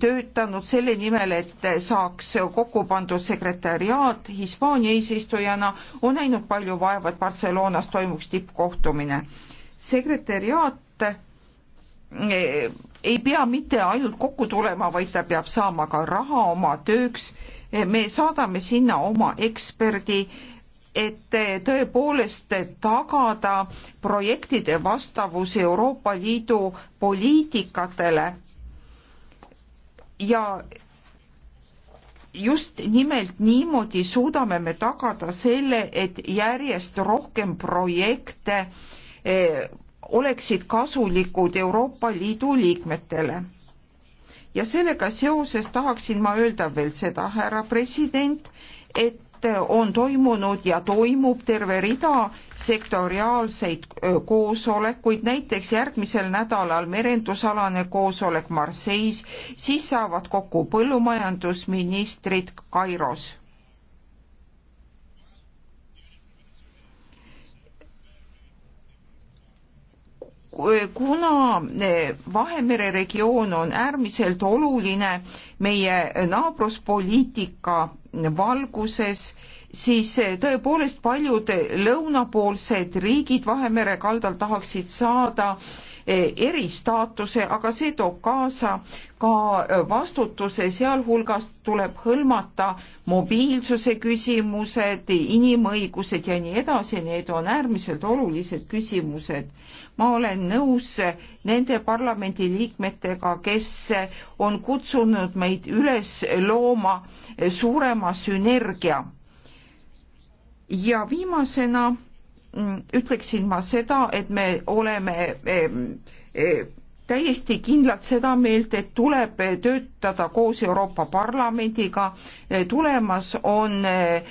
[SPEAKER 1] töötanud selle nimel, et saaks kokku pandud sekretäriaat Hispaania eesistujana, on näinud palju vaeva, et Barcelonas toimuks tippkohtumine. sekretäriaat ei pea mitte ainult kokku tulema, vaid ta peab saama ka raha oma tööks. me saadame sinna oma eksperdi, et tõepoolest tagada projektide vastavus Euroopa Liidu poliitikatele. ja just nimelt niimoodi suudame me tagada selle, et järjest rohkem projekte eh, oleksid kasulikud Euroopa Liidu liikmetele. ja sellega seoses tahaksin ma öelda veel seda, härra president, et on toimunud ja toimub terve rida sektoriaalseid koosolekuid, näiteks järgmisel nädalal merendusalane koosolek Marseilles, siis saavad kokku põllumajandusministrid Kairos kuna eh, Vahemere regioon on äärmiselt oluline meie naabruspoliitika valguses, siis eh, tõepoolest paljud lõunapoolsed riigid Vahemere kaldal tahaksid saada äh, E, eristaatuse, aga see toob kaasa ka e, vastutuse, sealhulgas tuleb hõlmata mobiilsuse küsimused, inimõigused ja nii edasi, need on äärmiselt olulised küsimused. ma olen nõus nende parlamendiliikmetega, kes on kutsunud meid üles looma suurema sünergia. ja viimasena Mm, ütleksin ma seda, et me oleme e, täiesti kindlalt seda meelt, et tuleb töötada koos Euroopa Parlamendiga. E, tulemas on e,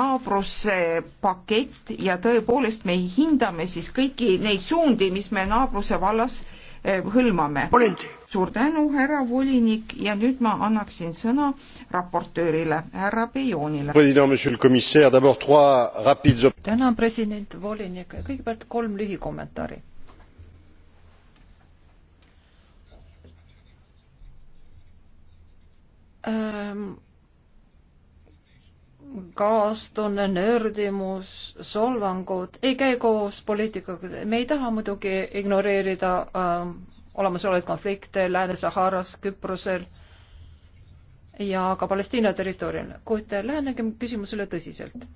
[SPEAKER 1] naabruspakett ja tõepoolest me hindame siis kõiki neid suundi, mis me naabruse vallas hõlmame suur tänu, härra volinik ja nüüd ma annaksin sõna raportöörile, härra Bejonile. tänan, president, volinik, kõigepealt kolm lühikommentaari.
[SPEAKER 3] Ähm, kaastunne, nördimus, solvangud ei käi koos poliitikaga. me ei taha muidugi ignoreerida äh, olemasolevaid konflikte Lääne-Saharas, Küprosel ja ka Palestiina territooriumil, kuid lähenegem küsimusele tõsiselt.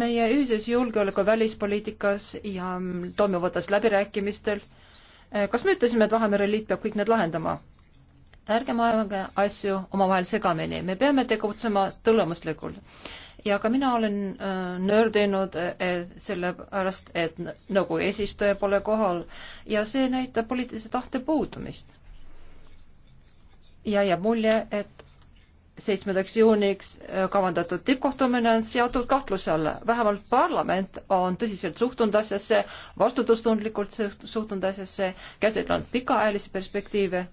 [SPEAKER 3] meie ühises julgeoleku välispoliitikas ja toimuvates läbirääkimistel, eh, kas me ütlesime, et Vahemere Liit peab kõik need lahendama? ärgem ajage asju omavahel segamini, me peame tegutsema tulemuslikult ja ka mina olen äh, nördinud e, e, sellepärast, et nõukogu nagu eesistuja pole kohal ja see näitab poliitilise tahte puudumist. ja jääb mulje, et seitsmendaks juuniks äh, kavandatud tippkohtumine on seatud kahtluse alla. vähemalt parlament on tõsiselt suhtunud asjasse, vastutustundlikult suhtunud asjasse, käsitlenud pikaajalisi perspektiive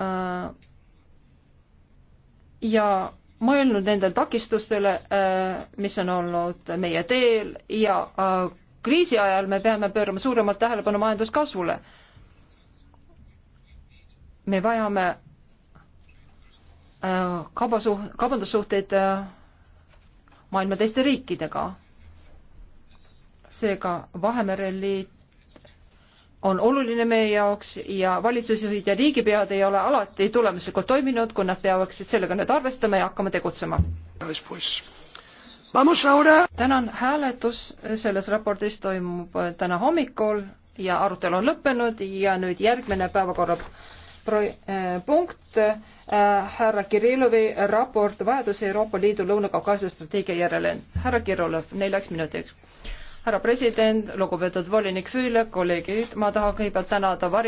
[SPEAKER 3] Äh, ja mõelnud nendele takistustele, äh, mis on olnud meie teel ja äh, kriisi ajal me peame pöörama suuremalt tähelepanu majanduskasvule. me vajame kaubasuh-, kaubandussuhteid maailma teiste riikidega. seega Vahemere Liit on oluline meie jaoks ja valitsusjuhid ja riigipead ei ole alati tulemuslikult toiminud, kui nad peaksid sellega nüüd arvestama ja hakkama tegutsema. tänan, hääletus selles raportis toimub täna hommikul ja arutelu on lõppenud ja nüüd järgmine päevakorra pro-, äh, eh, punkt äh,, härra Kirillovi raport vajaduse Euroopa Liidu Lõuna-Kaukaasia strateegia järele. härra Kirillov, neljaks minutiks härra president, lugupeetud volinik Füüle, kolleegid, ma tahan kõigepealt tänada vari-.